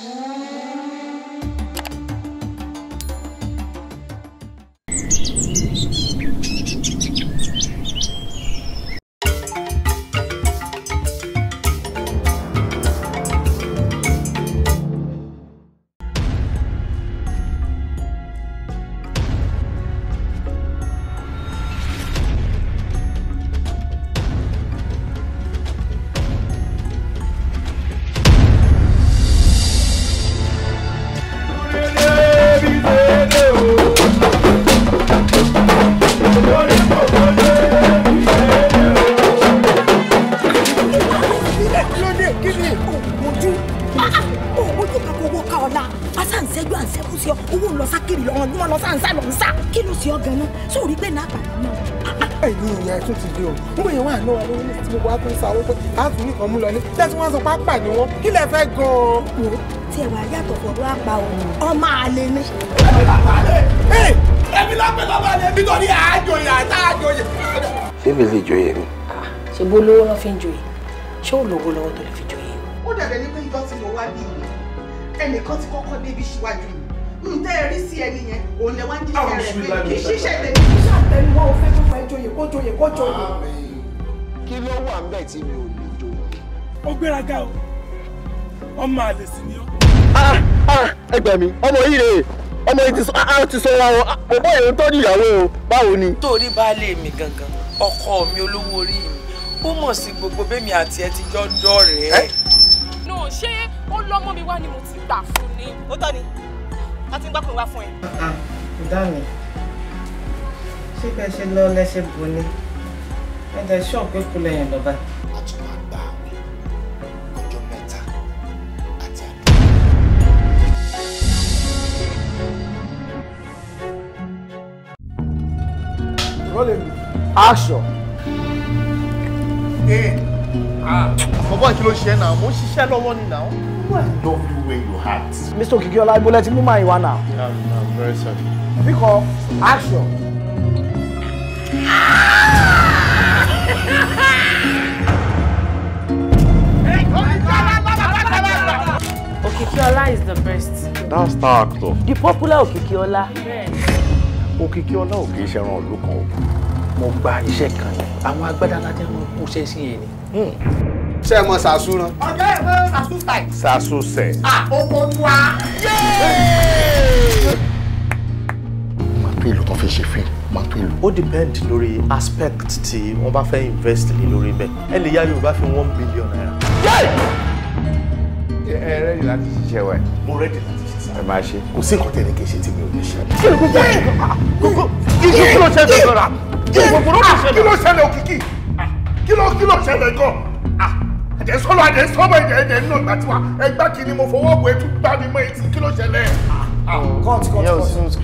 Thank you. fẹ́ gan-an. mo tí ẹ wá yàtọ̀ fọ̀rọ̀ àpá o ọmọ àlè ni. èmi lọ́pẹ́ lọ́mọ àlè nítorí àjòyè àti àjòyè. ṣé mi lè jòyè ni. Ah, ṣe bó lówó lọ́ fi ń jòyè ṣé ò lówó lọ́wọ́ tó lè fi jòyè. ó dàbẹ̀ ní pé ìjọ tí mo wá bí ìlú ẹnìkan ti kọ́kọ́ débi síwájú mi ǹtẹ́ ẹ rí sí ẹni yẹn òun lẹ wá ń jíṣẹ́ rẹ̀ pé kì í ṣiṣẹ́ tèmi. ṣàtẹnuwọ́ o tó fẹ́ jòyè kó jòyè kó jòyè. kí ló wà ń bẹ̀ tí mi ò lè jòyè. ó gbéraga o ọmọ àlè sí ni ó. Ah, ah, ẹgbẹ́ mi ọmọ yìí rèé ọmọ yìí ti sọ wa ah, o bàbá yẹn ń tọ́jú ìyàwó o báwo ni. torí baálé mi gangan ọkọ mi olówó orí mi ó mọ̀ sí gbogbo bẹ́mi àti ẹ ti jọ dọ̀rẹ́. nù ṣé ó lọ́mọ mi wá ni mo ti gbà fún ni. ó tọ́ ni a ti ń gbà pé wá fún ẹ. kò dá mi ṣé bẹ́ẹ̀ ṣe lọ lẹ́sẹ̀ bo ni ẹ jẹ́ ṣọ́ọ̀pù kúlẹ̀ yẹn lọ́ba. action. Hey. bọ́bọ́ kí ló ṣe náà mo ń ṣiṣẹ́ lọ́wọ́ ni náà. I love you way you act. Mr. Okikiola ibole ti mú màá ìwà náà. I'm very sorry. Bíkọ́ action. Okikiola is the best. That's star actor. The popular Okikiola. Okikiola ò kì í ṣe ẹran ọ̀lú kan o mo gba iṣẹ́ kan yẹn àwọn agbádá ládé wọn kú iṣẹ́ sí yẹn ni. Hmm. ṣé ẹ mọ sàṣù rán. ọ̀gá ẹ̀ mọ sàṣù style. sàṣù sẹ̀. à oko wa. máa tó èlò tó fi ṣe fíìmù máa tó èlò. ó depend lórí aspect tí wọ́n bá fẹ́ invest lé lórí bẹ́ẹ̀ ẹ lè yá Yorùbá fi one billion naira. ẹ rẹ́dì láti ṣiṣẹ́ wa ẹ̀. mo rẹ́dì láti ṣiṣẹ́ ẹ máa ṣe. kò sí nǹkan tẹ̀lé kì í ṣe tí mi ò ní ṣe. kí ló kí ló ṣe é fẹ́ lọ́ra. Kilo, ah, kí ló kilo, kilo, ah, kí ló kí ló ṣẹlẹ̀ gan àdé ah, sọlọ àdé sọmọ ẹdẹ ẹdẹ nínú ìgbà tiwa ẹgbà kìíní mo fọwọ́ bọ̀ ẹtú gbá mi mọ etí kilo, ló ṣẹlẹ̀. court court court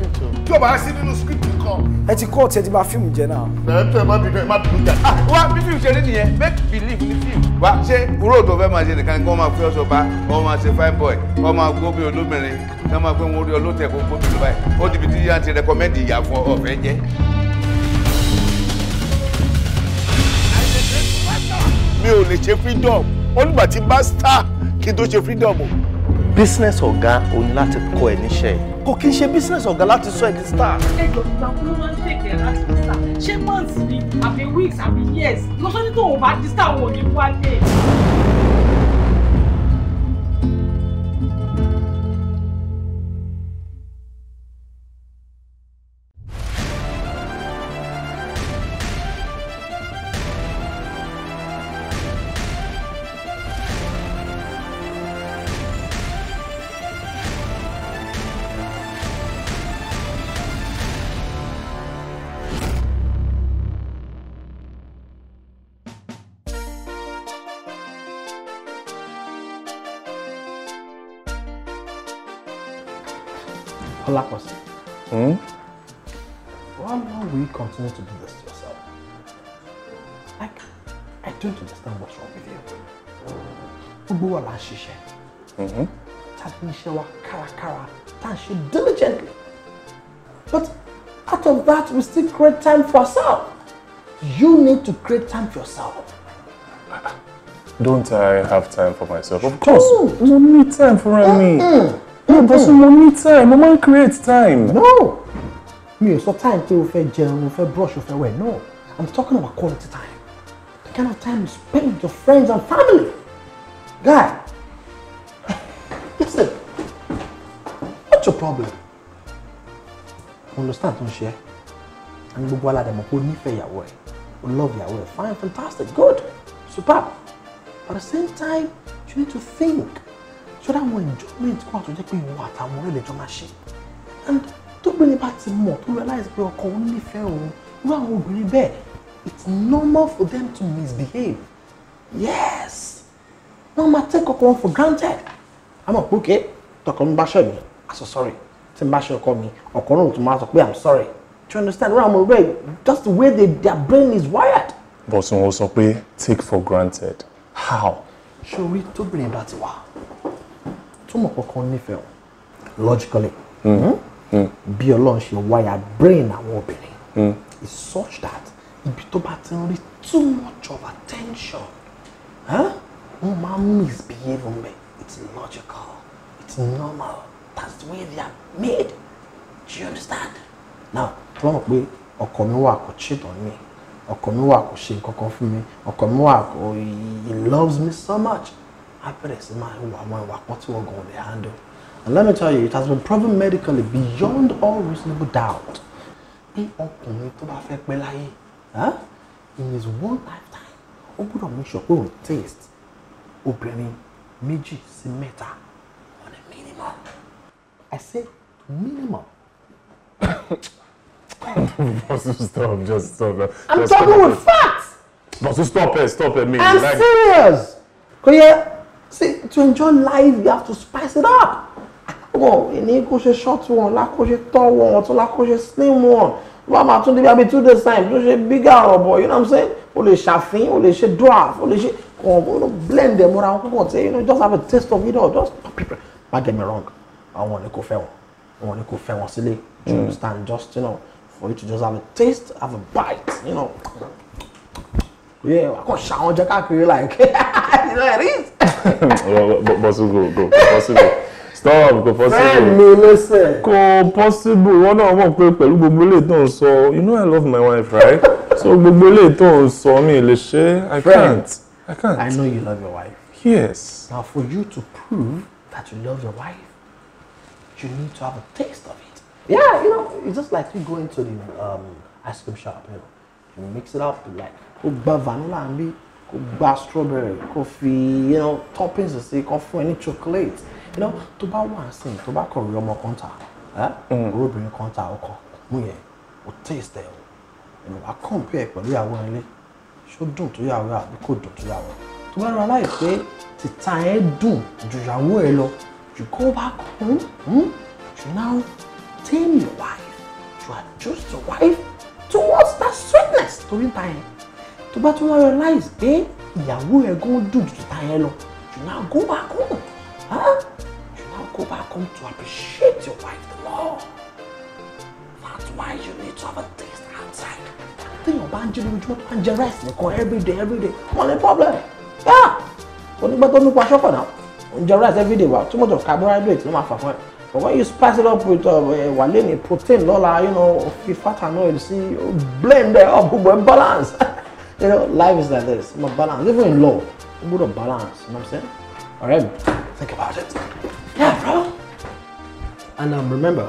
kí o bá sí nínú script kan. ẹ ti court ẹ ti bà fíìmù jẹ́ náà. ẹ tẹ ẹ má bínú ẹ má bínú jà. wá bí fíìmù ṣe rí nìyẹn make believe ní fíìmù. wá ṣé ròdò fẹ́ máa ṣe nìkan kí wọ́n máa fi ọṣọ bá wọ́n máa ṣe fine boy wọ́n máa gbó mi ò lè ṣe freedom ó tí bá star kí n tó ṣe freedom o. business ọ̀gá o ní láti kọ́ ẹ níṣẹ́ kò kí n ṣe business ọ̀gá láti sọ ẹ di star. ẹjọ ìgbà kúrú máa ń tètè láti star ṣé months ni àbí weeks àbí years lọ́sọ́dún tó o bá di star wọn ò ní wálé. la ń ṣiṣẹ́ mm-hmm. tàbí iṣẹ́ wa kárakára tá à ń ṣe diligently but out of that we still create time for ourselves you need to create time for yourself. Don't I have time for myself? Of course, mm. mo need time for me. No, but mo need time, mo máa ń create time. No, mi ò sọ time pé o fẹ́ jẹun, o fẹ́ brush, o fẹ́ wẹ̀, no. I'm talking about quality time. The kind of time you spend with your friends and family. Guy, listen, what's your problem? Understand, don't share. And you go gbogbo aládàmọ̀ kó nífẹ̀ẹ́ ìyàwó ẹ̀, o love your way, fine, fantastic, good, superb. But at the same time, you need to think so that when enjoyment comes to àtúnjẹ́ me ìwọ I'm ọ̀rẹ́ lè jọ máa ṣe. And it back to more, to realize pé ọkọ òun nífẹ̀ẹ́ òun, irú àwọn obìnrin bẹ́ẹ̀, it's normal for them to misbehave. Yes! wọ́n máa take ọkọ wọn for granted àmọ́ pókè tọkọ mi bá ṣẹ̀ mi aṣọ sorry tí n bá ṣe ọkọ mi ọkọ náà tún máa sọ pé i'm sorry do you understand where i'm already just the way they, their brain is wired. bọ̀sùn wo sọ pé take for granted how. ṣorí tóbìnrin bá ti wà tó mọ̀ kankan nífẹ̀ẹ́ o logically hmm. Hmm? Hmm. bí ọlọ́run ṣe wáyà brain àwọn obìnrin is such that ibi tó bá ti ń rí too much of attention. Huh? wọ́n máa ń misbehave it's logical it's normal that's the way they are made do you understand. now tó mọ̀ pé ọkọ mi wà cheat on me ọkọ mi wà kò ṣe nǹkan kan fún mi ọkọ mi wà he loves me so much I bẹ̀rẹ̀ sí máa wà àwọn ìwà pọ̀ tí wọ́n gan lè handle and let me tell you it has been proven medically beyond all reasonable doubt He ọkùnrin tó bá fẹ́ pẹ́ láyé in his one lifetime ó gbọ́dọ̀ make sure pé òun taste obìnrin méjì sí mẹ́ta on a minimum I say minimum. Bosu, stop, just stop. I'm just talking with facts. Bosu, stop it, stop it, me. I'm like... serious. Koye, see, to enjoy life, you have to spice it up. Àkókò ìní kó ṣe short one, lákó ṣe tall one, ọ̀tún lákó ṣe slim one. Wọ́n máa tún débi abi two days time, tó ṣe bigger ọ̀bọ̀, you know what I'm saying? O lè ṣàfihàn, o lè ṣe dwarf, o lè ṣe wọn wọn no blend them, mọ́ra wọn kọ́kọ́ say you know just have a taste of it all just people don't get me wrong àwọn ni kò fẹ́ wọn àwọn ni kò fẹ́ wọn sílé you mm. understand just you know for you to just have a taste have a bite you know yeah I kàn ṣàwọn jẹ káàkiri like you know it is. bọ́sùgbò go bọ́sùgbò stop kò possible. bẹ́ẹ̀ ni ló sẹ̀. kò possible wọn náà mọ̀ pé pẹ̀lú gbogbo ilé tó ń you know I love my wife right so gbogbo ilé tó ń sọ mi I can't. I can't. I know you love your wife. Yes. Now, for you to prove that you love your wife, you need to have a taste of it. Yeah, you know, it's just like you go into the um, ice cream shop, you know, you mix it up, like, kó gba vanilla and bí, kó gba strawberry, coffee, you know, toppings sí, kó fún ẹ ní chocolate. You know, to buy one thing, to buy a real more kan tà, mm. obìnrin kan tà ọkọ, mú yẹn, taste it, You know, I compare pẹ̀lú ìyàwó ẹ̀ lé ṣó dùn tó yàwó àbí kò dùn tó yàwó tó bá rọra láì pé tìta ẹ dùn ju ìyàwó ẹ lọ you go back home hmm? you now tame your wife you adjust your wife towards that sweetness tó ní ta yẹn tó bá tún wá realize pé ìyàwó ẹ gan dùn ju tìta yẹn lọ you now go back home huh? you now go back home to appreciate your wife the more that's why you need to have a taste outside téèyàn bá ń jí lójúmọ́ máa ń jẹ rice nìkan everyday everyday wọ́n ní problem onígbà tó nípa aṣọ́kọ̀ náà ń jẹ rice everyday wa too much of carbohydrate ló máa fà fún ẹ but when you spice it up with uh, eh, wà lẹ́nu protein lọ́la you know fi fat and oil sí blend ẹ up gbogbo ẹ balance you know life is like this mo balance even in law mo gbọ́dọ̀ balance you know what I'm saying All right. think about it yeah bro and um, remember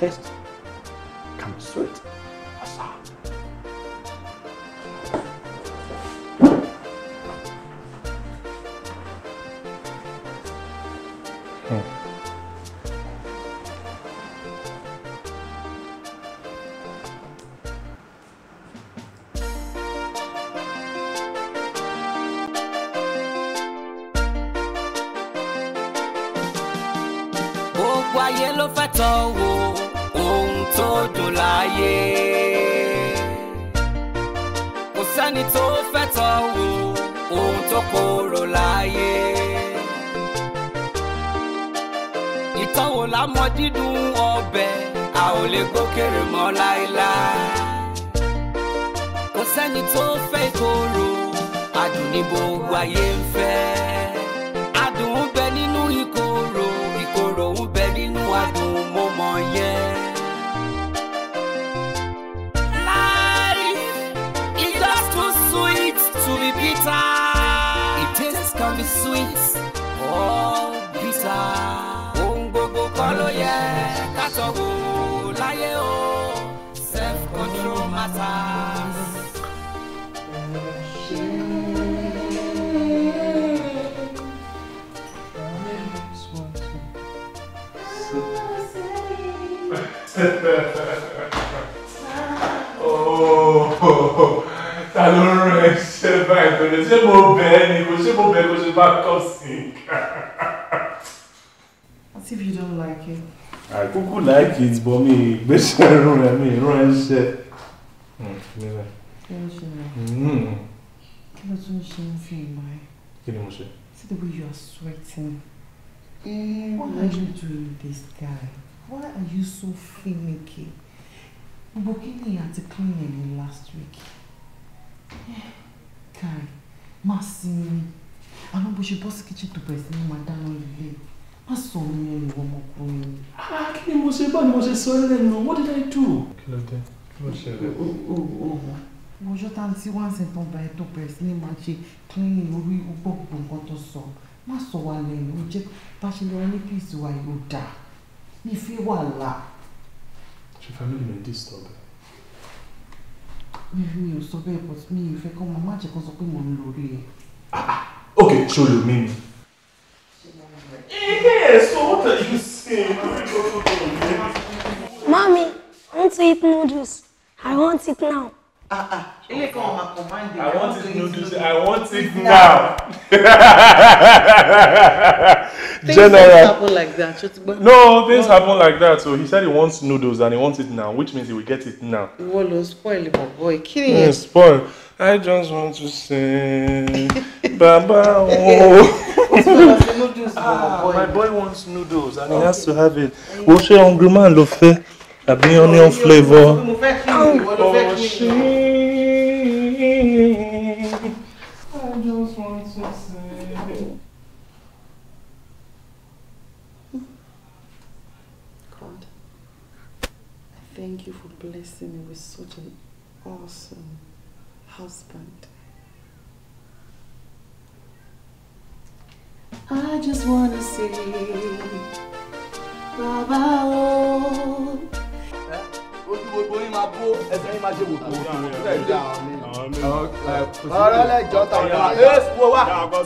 taste comes sweet. tán kò sẹ́ni tó fẹ́ ìkorò adùn ní gbogbo ayé ń fẹ́. adùn ń bẹ nínú ìkorò ìkorò ń bẹ nínú adùn mo mọ̀ yẹn. Life is just too sweet to be bitter. It tastes can be sweet or bitter. ohun gbogbo kọ́ ló yẹ ká matters. Oh, ta ló ń rẹ ṣe báyìí pẹ̀lú ṣé mo bẹ̀ ẹ́ ni kò ṣé mo bẹ̀ kò i. What if you don't like it? I kúkú like it but me, ìgbésẹ̀ rún ẹ mi ìrún ẹ ṣe. Mílẹ̀. Kí ló ṣe náà? Kí ló tún ṣe ń sìn ìmọ̀ ẹ̀? Kí ni mo ṣe? See the are sweating. What are you doing this guy? Why are you so finicky? Gbogbo kí ni àti clean ẹ̀ last week? Guy, máa sinmi. Àmọ́ bó ṣe bọ́ sí kitchen to bẹ̀rẹ̀ sí ní máa dáná ilé. Má sọ omi ẹ̀ lè wọ́n ọmọkùnrin. Kí ni mo ṣe báyìí mo ṣe sọ ẹ́ lẹ́nu? What did I do? Kí ló ọjọ́ tá n tí wá ń sìn tán báyìí tó bẹ̀rẹ̀ sí ni máa ṣe clean orí gbọ́ gbogbo nǹkan tó sọ má sọ wà lẹ́nu ó jẹ́ bá ṣe lọ ní píìsì wa yóò dà ní fi wà là. ṣe family mi disturb. mi mi ò sọ bẹ́ẹ̀ but mi ò fẹ́ kọ́ mọ má jẹ́ kó sọ pé mo ok show lè mí mi. yes so what are you saying. Mommy. I want to eat noodles. I want it now. Ah ah. Ele kan ma command. I want it noodles. I want it now. things General. happen like that. No, things happen like that. So he said he wants noodles and he wants it now, which means he will get it now. Ìwọ spoil my boy. Kidding. Hmm, yeah, spoil. I just want to sing. Baba oh. ah, my boy wants noodles and okay. he has to have it. Wo ṣe hungry man ló a bit onion flavor. God, thank you for blessing me with such an awesome husband. I just wanna say, Baba. Oh. Pues gbogbo yín máa bó ẹsẹ̀ yín máa ṣe wòtò wòtò wòtò ọ̀rọ̀ lẹ́jọ́ ta ọ̀la èèpo wa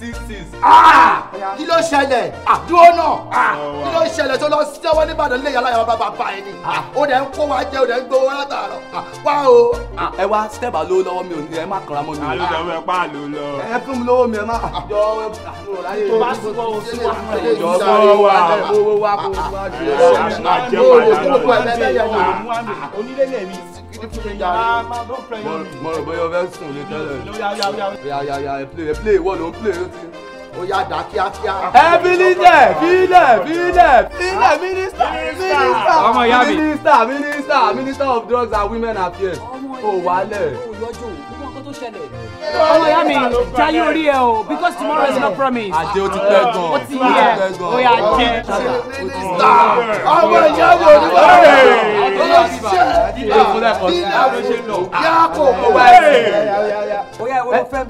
six six. Ah! kí ló ṣẹlẹ̀ ah, dúró náà ah, kí ló ṣẹlẹ̀ tó lọ sẹ́wọ́n nìbàdàn nílé yàrá yàrá bàbá bá ẹni ó dẹ̀ ń kó wa jẹ́ ó dẹ̀ ń gbowó látàárọ̀ wá o. ẹ wá step alo lọ́wọ́ mi ò ní ẹ má kanra mọ́ mi. alóòjọ́ mi ẹ pa àlò lọ. ẹ fún mi lọ́wọ́ mi ẹ má. jọ tó bá sí wọ́n o sí wà. jọ fọwọ́ wa owó wa kò wá jù lọ. àṣà jẹ́ wà lọ́wọ́ yà wò ó minister of drugs and women affairs ó wálẹ̀. ọmọ yọjú òun mọ nǹkan tó ṣẹlẹ̀ ọmọ ìyá mi jayé orí ẹ o because tomorrow is not promise. àjẹ o ti pẹ́ gan o ti yẹ o yà jẹ. ọmọ ìyá mi ò ní bá rẹ̀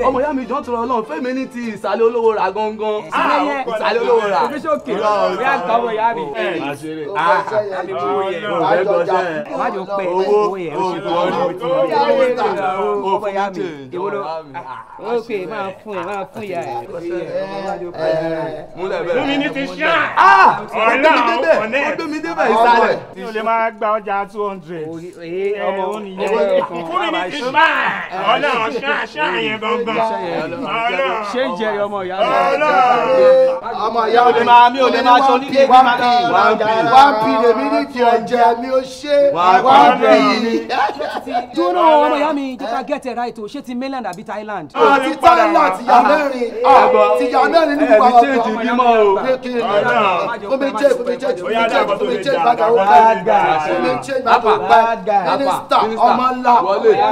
ọmọ ìyá mi jọ tọrọ Ọlọ́run fẹmi ní ti ìsàlẹ̀ olówó ra gangan ìsàlẹ̀ olówó ra ìyá nǹkan ọmọ ìyá mi. owó owó owó owó owó ìyá mi ìwúlò. Ah, ah, ok máa fún ẹ máa fún ìyá ẹ. Ah, eh, eh, lómìnì ti ṣáà ọ̀la ọ̀nẹ́ ọ̀dọ́mídébà ìsàlẹ̀. tí o lè máa gba ọjà two hundred. Eh, ọmọ òun ni yẹn kan. lómìnì ti ṣáà ọ̀la ṣáà ṣáà yẹn gangan. ṣé ń jẹ ọmọ ìyá rẹ. ọ̀la ọmọ ìyá rẹ. mi ò lè máa mi ò lè máa sọ nílé bí máa ní. wá pì lèmi ní ti ọjà mi ò ṣe. wá pì. dúró ọmọ ìyá mi jẹ́ ká gẹ̀tẹ̀ ráìtò ṣé ti mainland àbí Thailand. àti Thailand ti yà mẹ́rin ti yà mẹ́rin ní gbogbo àwọn ọmọ yẹn mọ́ o. o bẹ jẹ o bẹ jẹ o bẹ jẹ o bẹ jẹ ìbàdàn o bẹ jẹ o bẹ jẹ ìbàdàn o bẹ mínísítà ọmọ ńlá.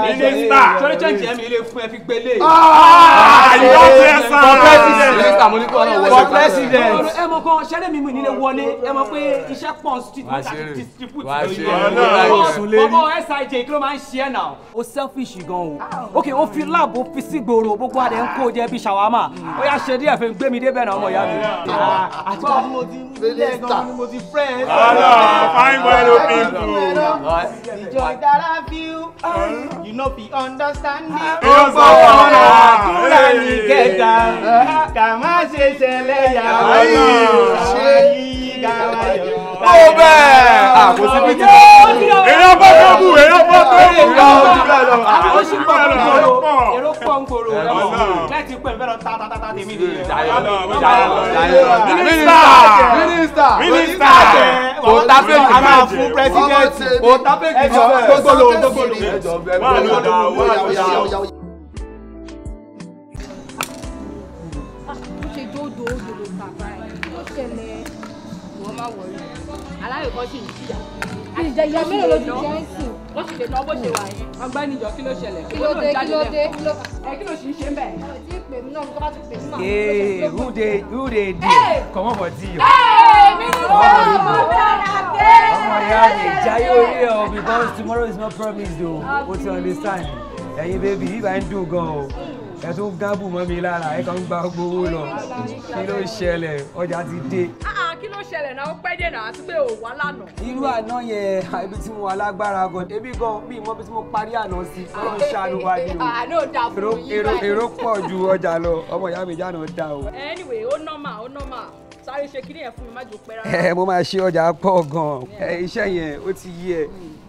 mínísítà torí chẹ́ǹtì ẹ̀mí ilé fún ẹ fi gbé lé. àyọ̀ fẹ́ sá. for president. ẹ mọ kan ṣẹ́rẹ́ mi mi nílé wọlé ẹ mọ pé iṣẹ́ pọ̀ distribute lórí ọ̀rọ̀ ọmọ sij kí ló máa ń ṣe ẹ̀ náà. o selfish gan o ok o fi láàbò fi sí gbòòrò gbogbo àdé ń kó jẹ bí ṣàwámà ó yà ṣe díẹ̀ fún gbé mi débẹ̀ náà ọmọ ìyá mi. Ah, àti bá mo ti ilé gan ni mo ti fẹ́ ẹ. ọlọ fine boy ló fi kú. ìjọ ìdára fíú you no be understanding. ó gbọ́ ọ̀rọ̀ àdúrà ní kẹta kà má ṣe ṣẹlẹ̀ yàrá yìí ká wá ó bẹ́ẹ̀ àkóso ah, bí ti. èrè èrè ọgbọ́n tó bù. èrè ọgbọ́n tó bù. àbí ó ṣì bọ̀ pọ̀ ń gbòòrò rẹ̀ mọ̀ láti pẹ̀ fẹ́ lọ ta ta ta ta tèmi de. mínísítà mínísítà mínísítà kò ta fẹ́ jù a máa fún pírẹsidẹ́ntì kò ta fẹ́ jù gbogbo lò gbogbo lò. aláyọ̀kọ́ sì ń jìyà. ìjẹ̀yà mélòó ló ti jẹ́ sí ó sì lè ná owó ṣe wà yẹn ọgbẹ́ni ìjọ kí ló ṣẹlẹ̀ kí ló dé kí ló dé kí ló ẹ kí ló sì ń ṣe ń bẹ̀. ee who dey who dey dey comot for tea o. ọmọ ya dey jayé orí ẹ o because tomorrow is not promised o o ti understand ẹyin baby ibà ń dùn gan o ẹ tó gábù mọ́ mi lára ẹ kàn ń gba gbowó lọ kí ló ṣẹlẹ̀ ọjà ti dé. Ah, ah, kí ló ṣẹlẹ̀ náà ó pẹ́ dé àti pé ò wá lánàá. irú àná yẹn ibi tí mo wà lágbára gan ebi gan mi ìmọ̀ bí mo parí àná sí ọlọ́run ah, ṣàánú wa ni o. àná ò dà fún yín báyìí. èrò pọ̀ ju ọjà lọ ọmọ ìyá mi jáná dá o. anyway ó nọ́mà ó nọ́mà sáré ṣe kíní yẹn fún mi má jò pẹ́ rárá. Eh, mo máa ṣe ọjà pọ̀ gan-an eh, iṣẹ́ yẹn ó ti yí ẹ.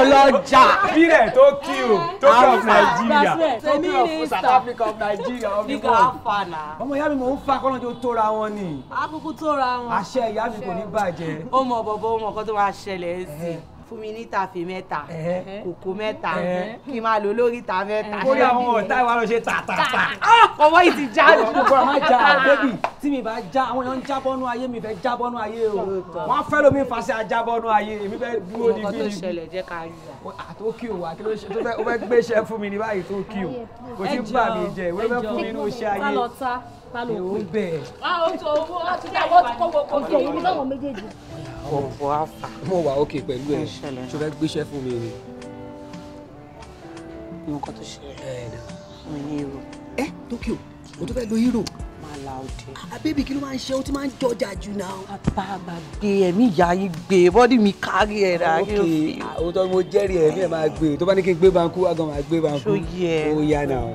ọlọ́jà. bílẹ̀ tó kí o tó kí of Nigeria tó kí of South Africa of Nigeria of the world. ọmọ ìyá mi mò ń fa kọ́nà tó tóra wọn ni. akókó tóra wọn. àṣẹ ìyá mi kò ní bàjẹ́. ó mọ bọ̀bọ̀ ó mọ nǹkan tó máa ṣẹlẹ̀ ẹ̀ sí i fún mi níta fi mẹ́ta kòkó mẹ́ta kí n máa lò lórí ìta mẹ́ta. kó yà wọn ọ̀tá ìwà lọ ṣe tàtàtà. Ah, ọwọ́ yìí ti já jù. gbogbo àwọn ajá bébì tí mi bá já àwọn èèyàn ń já bọ́nú ayé mi fẹ́ já bọ́nú ayé o wọ́n fẹ́ lómi ń fasẹ́ ajá bọ́nú ayé èmi fẹ́ dúró di bí. ọkọ tó ṣẹlẹ̀ jẹ́ ká rí wa. àtó kí o wà ló ṣe tó fẹ́ gbéṣẹ́ fún mi ní báyìí tó kí kò sí gbà mí jẹ ìwé fẹ́ fún mi ní oṣù ta ló kù. a ò tó owó láti dá owó tí kò wọ kò tó owó láwọn méjèèjì. ọ̀pọ̀ afa. mo wà òkè pẹ̀lú ẹ ṣe fẹ́ gbéṣẹ́ fún mi ni. nǹkan tó ṣe mi ní irú. ẹ Tokyo mo tún fẹ́ lo hero. máa la òde. àbẹ́bí ah, ah, kí ló máa ń ṣe ó ti máa ń jọjà jù náà. bàbá àgbàgbé ẹ̀mí ìyá yìí gbé bọ́dí mi kárí ẹ̀ rà kí o fi. àwọn ah, tó ń mo jẹ́rìí ẹ̀mí ẹ̀ máa gbé tó bá ní kí n gbé bankú wá gan máa gbé bankú. ó yẹ ó yá náà.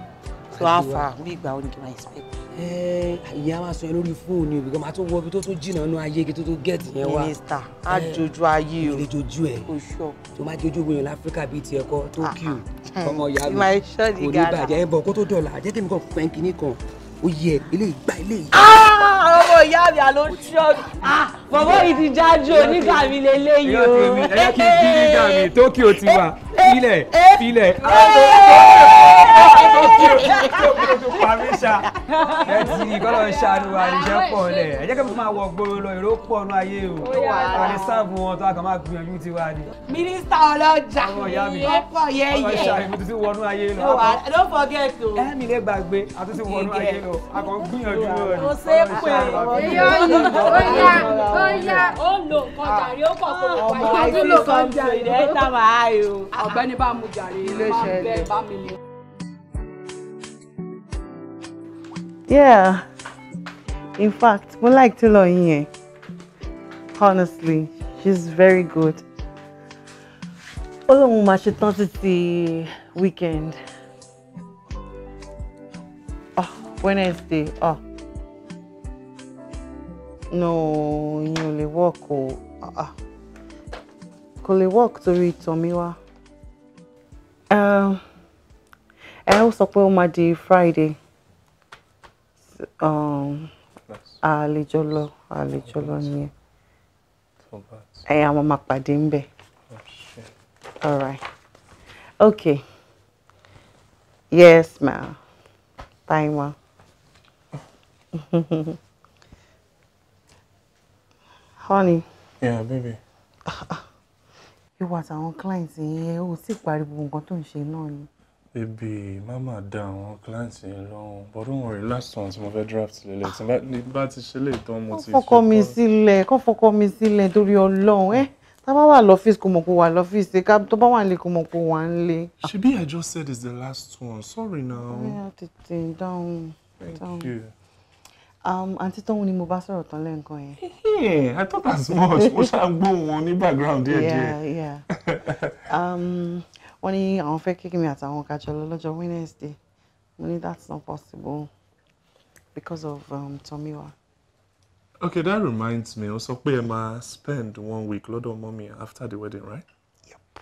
tó àfà bí ìgbà ó ní kí n máa expect. Eh, ìyá máa sọ yẹn lórí fóònù ibi kan máa tó wọ ibi tó tó jìnnà nú ayé kí tó tó gẹ̀ẹ́tì yẹn wá. mínísítà á eh, jojú ayé o ìrèjojú ẹ tó máa jojú gbòòyàn láfíríkà bíi ti ẹ̀kọ́ tó kí o ọmọ ìyá mi kò ní bàjẹ́ ẹ̀ bọ̀ kó tó dọ̀là jẹ́ kí mi kàn fẹ́ kinní kan ó yẹ eléyìí gba eléyìí. ọmọ ìyá mi àlọ́ tí ọ bọ̀bọ̀ yìí ti jájú onígbà mi lélẹ́yìí o. ẹ kí n bí nígbà mi Tokyo ti wà filẹ̀ filẹ̀ Tokyo Tokyo tó parí ṣá ẹ ti ìkọlọ ń ṣàánú àníṣẹ́ pọ̀ lẹ̀ ẹ jẹ́ kí n máa wọ gbòòrò lọ èrò pọ̀ nù ayé o àní sáàbù wọn tó a kàn máa gbìyànjú ti wá ni. mínísítà ọlọ́jà ọ̀pọ̀ yẹ́yẹ́ ọ̀ṣà ìbùtù ti wọnú ayé lọ. don't forget o. lè gbàgbé àtúntì wọnú ayé lọ o a gbìyànjú rẹ ni. ṣe é pè é. oya oya ó lò nǹkan jàre ó kọ̀ kó wà á tó lò nǹkan jàre. màá yò. ọ̀gbẹ́ni bá mu jàre ilé iṣẹ́ ilé. Yeah, in fact, we like Tilo Inye. Honestly, she's very good. Olóhun máa ṣe tán títí weekend. Wednesday ah no ìyẹn ò work o ah, ah kò lè work torí ìtàn mi wá um, ẹ ó sọ pé ó máa di Friday àlejò um, lọ àlejò lọ nìyẹn ẹ àwọn máa pàdé ń bẹ oh, all right okay yes ma'am. bye ma'am. Honey. Yeah, baby. Ìwọ àtàwọn clients yẹn ò tí ì parí gbogbo nǹkan tó ń ṣe náà ni. Baby, mama down da àwọn clients yẹn lọ́hùn. But don't worry, last one tí mo fẹ́ draft lélẹ̀. Tí bá ti ṣe lè tán mo ti Come for Kọ́ fọkọ mi sílẹ̀, kọ́ fọkọ mi sílẹ̀ torí Ọlọ́run ẹ́ eh, tá bá wà lọ́fíìsì kò mọ̀ kó wà lọ́fíìsì ká tó bá wà nílé kò mọ̀ kó wà nílé. ṣebí I just said it's the last one sorry now. Yeah, á down. thank you. Um, àǹtí tóun ni mo bá sọ̀rọ̀ tán lẹ́ǹkan yẹn. I thought as much mo ṣáà ń gbóhùn wọn ní background díẹ̀díẹ̀. Um, wọ́n ní àwọn fẹ́ kékeré àtàwọn kájọ lọ lọ́jọ́ Wednesday mo ní that's not possible because of um, Tomiwa. Okay, that reminds me o sọ pé ẹ máa spend one week lọ́dọ̀ mọ́mí after the wedding right? Yep.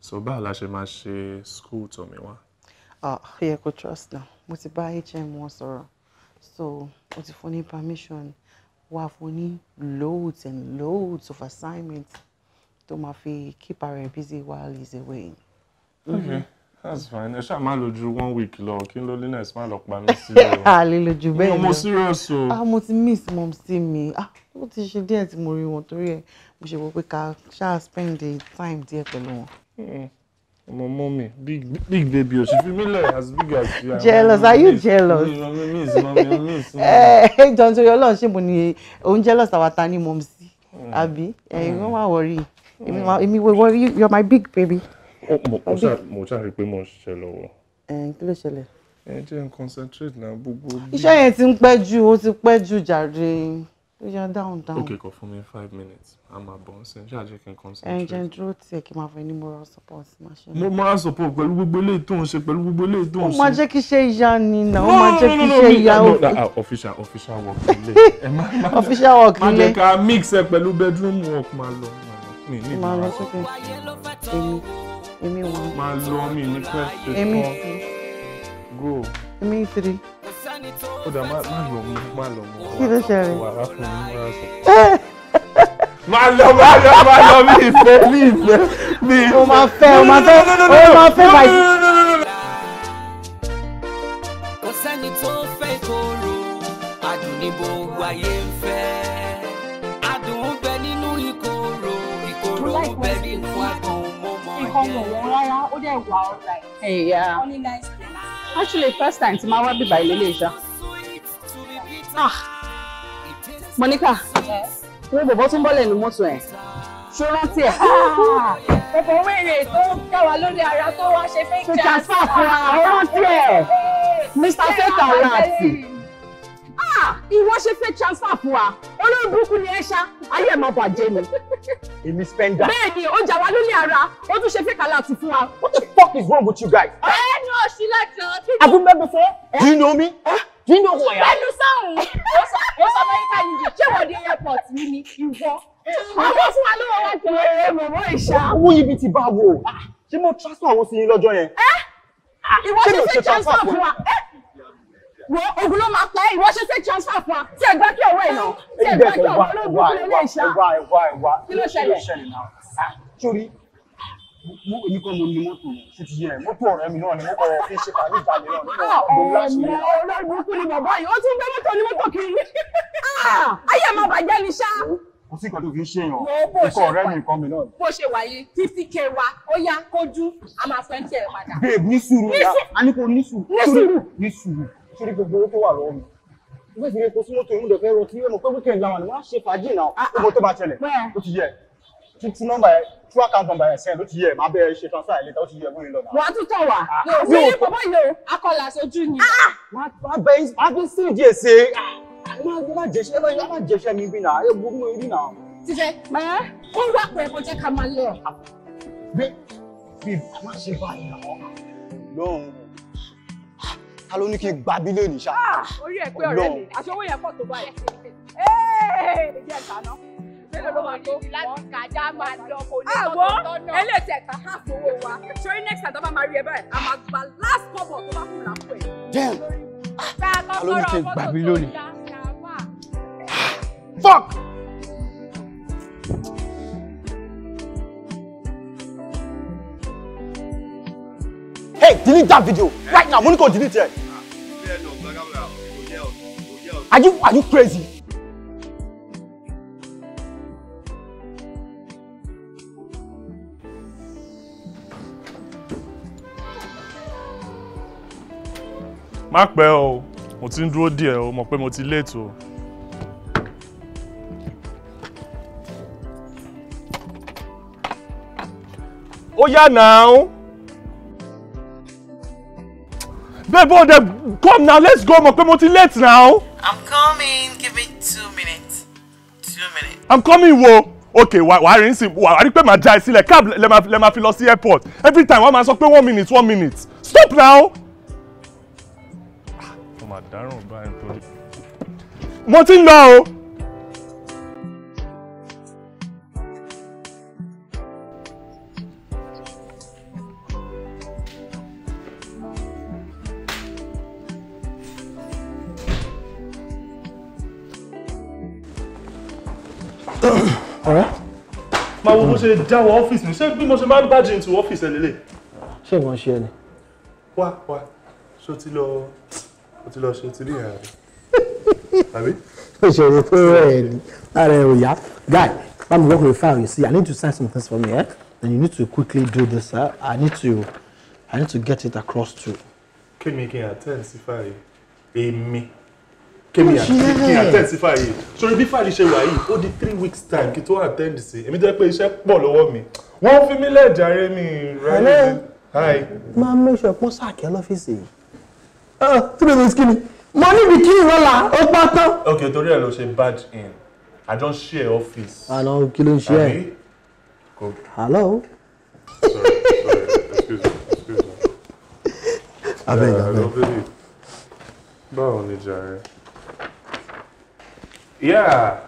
so báwo la ṣe máa ṣe school Tomiwa. Ah, ó yẹ kó trust náà mo ti bá HM wọn sọ̀rọ̀ so o ti fún ní permission wàá fún ní loads and loads of assignments to máa fi keep ara busy while he's away. okay mm-hmm. that's fine ẹ ṣáà má lò ju one week lọ kí n ló lé nurse má lọ pa mí sí i. a lè lò jù bẹ́ẹ̀ lọ mo serious o. ah mo ti miss mom see me. ah ó ti ṣe díẹ̀ tí mo rí wọn torí ẹ mo ṣe wọ pé ká ṣáà spend the time díẹ̀ pẹ̀lú wọn. Hmm. My mommy, big big baby o ṣe fi mí lẹ̀ as big as you jealous are you jealous. mi mi miss mi miss. ẹ ẹ jọ nítorí ọlọ́run ṣé mo ní òun jealous àwa ta ni mọ̀mí sí mm. àbí ẹ̀yin eh, mm. wọ́n wà wọ̀rí èmi wọ̀rí you are my big baby. Oh, mo ṣàrí pé mo ń ṣiṣẹ́ lọ́wọ́. ẹ eh, kí ló ṣẹlẹ̀. ẹ jẹ́ n concentrate na gbogbo. iṣẹ́ yẹn ti ń pẹ́ jù ó ti pẹ́ jù jàre ó yàn dáhùn dáhùn. ok kò fún mi five minutes I'm a boss, bọ̀ ọ́n can concentrate. And jẹ́ dúró tiẹ̀ kí n máa fún ẹ ní moral support máa ṣe. mo máa support pẹ̀lú gbogbo eléyìí tó ń ṣe pẹ̀lú gbogbo eléyìí tó ń ṣe. ó máa jẹ́ kí iṣẹ́ ìyá ni nà ó máa jẹ́ kí iṣẹ́ ìyá ó. Ah, official official work ilé ẹ má official work ilé. má jẹ́ ká mix ẹ pẹ̀lú bedroom work máa lọ mi ní ìmọ̀ràn sókè èmi èmi wọn. máa lọ mi ní pẹ́ẹ́ ṣe go. èmi three ó dà má lọ mú má lọ mú kí ló ṣẹlẹ̀ wà á fún mi má mi ìfẹ́ mi ìfẹ́ o máa fẹ́ o máa fẹ́ o máa fẹ́ báyìí. kò sẹ́ni tó fẹ́ ìkorò adùn ní gbogbo ayé ń fẹ́ adùn ń bẹ nínú ìkorò ìkorò ń bẹ nínú adùn mo mọ̀ yẹn. ìkọmọ̀ wọn rárá ó dẹ̀ wà ọ̀rẹ́. ẹ̀yà. wọ́n ní nice actually first time tí máa wá bíbá ilé lè ṣá. Ah, Monica wo bòbọ́ tó ń bọ́ lẹ́nu mọ́tò ẹ̀ ṣó rántí ẹ̀. bòbọ́ ah! wèrè tó ń ká wa lórí ara tó wá ṣe fake transfer fún wa rántí ẹ̀ Mr. fake alert. Ah, ìwọ ṣe fẹ́ transfer fún wa olórí burúkú ni ẹ ṣá ayé ẹ̀ máa bàjẹ́ ni. èmi spender. bẹ́ẹ̀ ni ó jà wá lórí ara ó tún ṣe fẹ́ kàlà àti fún wa. what the fuck is wrong with you guys. ẹnu ọ̀sìn lájọ. have you met before. Eh? do you know me. Eh? do you know who I am. ẹnu sọ̀rùn ó sọ amẹ́ríkà yìí ṣé wọ́n dé airport mi ni ìwọ. àwọn fún wa lọ́wọ́ wa jọ. ẹ eh, mọ̀mọ́ ìṣá. owó yìí bi ti bá wo ṣé mo transfer àwọn sí yín lọ́jọ́ yẹn. Ah, ìwọ ṣe fẹ́ transfer fún wa wo ogun ló máa pa ẹ ìwọ ṣe fẹ́ transfer fún wa tí ẹ gbá kí ọwọ́ ẹ nà tí ẹ gbá kí ọwọ́ ológun kúlẹ̀ lè ṣá kí ló ṣẹlẹ̀. sórí ah, mo èyí kan mo ní mọ́tò ṣe ti yẹ mọ́tò ọ̀rẹ́ mi náà ni mo kọ̀ ẹ́ fi ṣe pàdé ìjàlè náà nígbà gbogbo àṣírí. ológun kú ni bàbá yìí ó tún gbé mọ́tò onímọ́tò kiri ah, ayé máa bàjẹ́ ni ṣá kò sí nǹkan tó fi ń ṣèyàn nǹkan ọ̀rẹ́ mi nǹkan mi náà. bó ṣe wáyé fifty k wa ó yá kójú a máa fẹ́ ń tẹ̀ padà. babe ní sùúrù ya a ní kò ní sùúrù ní sùúrù ní sùúrù ṣé gbogbo owó tó wà lọ́wọ́ mi bó ti rí epo sí mọ́tò ìmúdọ̀ fẹ́ rọtí rẹ̀ mọ̀ pé weekend làwọn ni wọ́n á ṣe fàájì náà ọmọ ah, tó bá tẹlẹ̀ ah, ó ti yẹ tú nọ́mbà yẹn tú account number yẹn sẹ́yìn ló ti yẹ máa bẹ̀rẹ̀ ṣe transfer yẹn later ó ti yẹ bóyá lọ́nà. wàá tún tọ̀ wá ah, yóò fi ní bọ́bọ́ yìí o akọlà sójú ni. máa bẹ máa bẹ sí ìdí èsè máa jẹṣẹ máa jẹṣẹ mi bí náà ewu mú orí náà. tìfẹ́ máa kó wá pẹ̀ kó jẹ́ ká máa lọ. bí bí máa ṣe báyìí náà lóhùn ta ló ní kí n gba bílẹ̀ ní ṣá. Ah, orí ẹ pé ọ̀rẹ́ mi àti owó yẹn pọ̀ tó báyìí. ee jẹ́ ìtàná mélòó ló máa tó láti kàjá máa lọ kò ní ọ̀tọ̀ tọ́nà. àwọn ah, eléyìí tẹ̀ ká half owó wa sori next time tó bá máa rí ẹ báyìí a máa gba last cover tó bá kù lápò ẹ̀. damn ta ló ní kí n gba bílẹ̀ ní. fuck. Hey, delete that video right now. Monica, delete it. Are you are you crazy? má pẹ́ o mo ti ń dúró díẹ̀ o mọ̀ pé mo ti léètò ó yá nàá. Babe, oh, the, come now, let's go. Mo pé mo late now. I'm coming. Give me two minutes. Two minutes. I'm coming, wo. Okay, Why? Why are you see? Why are you já my sílẹ̀ cab lè máa lè máa fi lọ sí airport every time wọ́n máa sọ pé one minute one minute stop now. Mo máa dáràn báyìí torí. Mo ti máa wo bó ṣe dáwọ office. mi ṣé bí mo ṣe máa ń bá jìn tu ọ́fíìsì ẹ lélẹ̀. ṣé ìwọ̀n ṣe ẹ ni. wá wá ṣó ti lọ ó ti lọ ṣe ti rí ìhàn rẹ àbí. ó ṣe èrè tó rẹ̀ ẹ̀ guy bá mi with file you see i need to sign some things for me eh? then you need to quickly do this eh? i need to i need to get it across to. kí mi kí n attend sí file èmi kémi àti attend sí fàyè sórí bí fàyè ṣe wà yìí ó di three weeks time kí tó attend sí èmi jẹ́ pé iṣẹ́ pọ̀ lọ́wọ́ mi wọ́n fi mí lẹ́ẹ̀jà rẹ mi ráyè hi. máa ń mẹ́sọ̀ pọ́n sáàkì lọ́fíìsì yìí. Ah, three weeks kí ni mo níbi kí ìrọ̀lá ó pa tán. ok torí ẹ ló ṣe badge in i just share office. àná kí ló ń ṣe ẹ. hello. sorry excuse me excuse me. abeg abeg. báwo ni jàre. Yeah.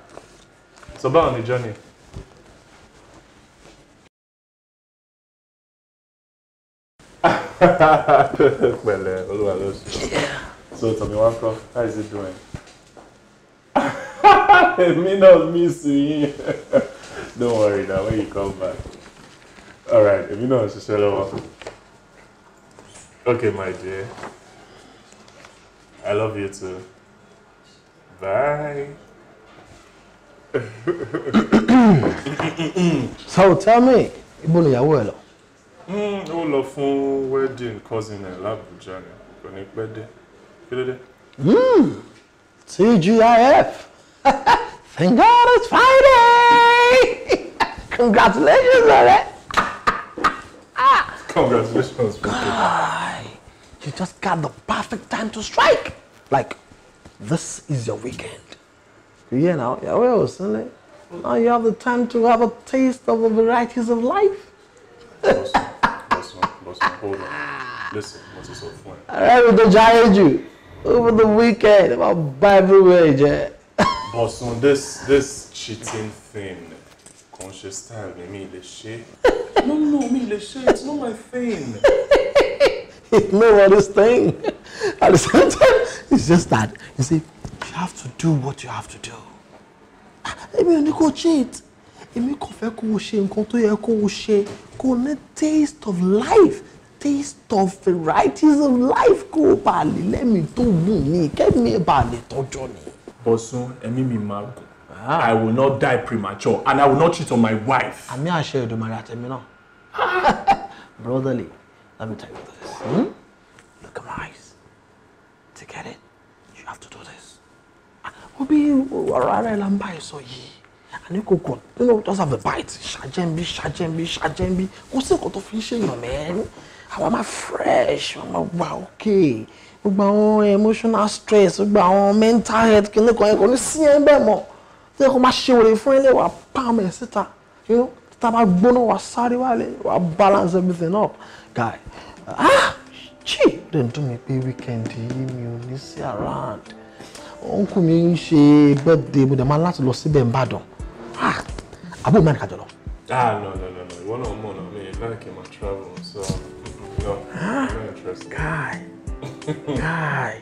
So on the journey? Pẹ̀lẹ́, Olúwa ló ṣe. So Tommy, wá how is it doing? Me not missing. Don't worry now when you come back. Alright, know náà ṣiṣẹ́ lọ́wọ́. Okay my dear, I love you too. Bye so tell me ibo nìyàwó ẹ lọ. Hmm, ó lọ fún wedding cousin ẹ làbújá ni kò ní pẹ́ dé kí ló tgif thank god it's friday congratulations ọ̀rẹ́. Ah. congratulations. guy you just got the perfect time to strike like this is your weekend. You know, well, is Now you have the time to have a taste of the varieties of life. listen, listen, listen, hold on. Listen, what's this whole point? I read with the giant over the weekend about Bible wage. But on this this cheating thing, conscious style, me the shit. No, no, me the shit. It's not my thing. it's nobody's thing. At the same time, it's just that you see you have to do what you have to do. Ah, èmi ò ní kó cheat èmi kò fẹ́ kó o ṣe nǹkan tó yẹ kó o ṣe kó o taste of life taste of varieties of life kó o bá lè lẹ́mìí tó wù ní kẹ́mi ẹ̀ bá lè tọ́jọ́ ni. bọ́sùn ẹ̀mí mi máa I will not die premature and I will not cheat on my wife. àmì àṣẹ Èdùmàrè àtẹ̀mí náà. Brotherly, let me tell you this. Hmm? Look at my eyes. To get it, you have to do this ó bí ọ̀rọ̀ ara ẹ̀ la ń bá ẹ sọ yìí àní kò kò nínú just have a bite ṣàjẹ́nbí ṣàjẹ́nbí ṣàjẹ́nbí kò sí nǹkan tó fi ń ṣèyàn mẹ́rin àwa máa fresh wọ́n máa wà okay gbogbo àwọn emotional stress gbogbo àwọn mental health kìíní kan yẹn kò ní sí ẹ̀ bẹ́ẹ̀ mọ̀ tí ẹ kò máa ṣe wèrè fún ilé wa pam ẹ̀ síta tá a bá gbóná wa sáré wálé wa balance everything up guy ah chii dem dún mi pé weekend yìí mi ò ní sí around uncle mi ń ṣe birthday mo dẹ̀ máa láti lọ síbẹ̀ ń bàdàn ah, àbúrò mẹ́rin kájọ lọ. ah no no no ìwọ náà mọ̀ náà mi like my travel so um, no i'm not interested. guy guy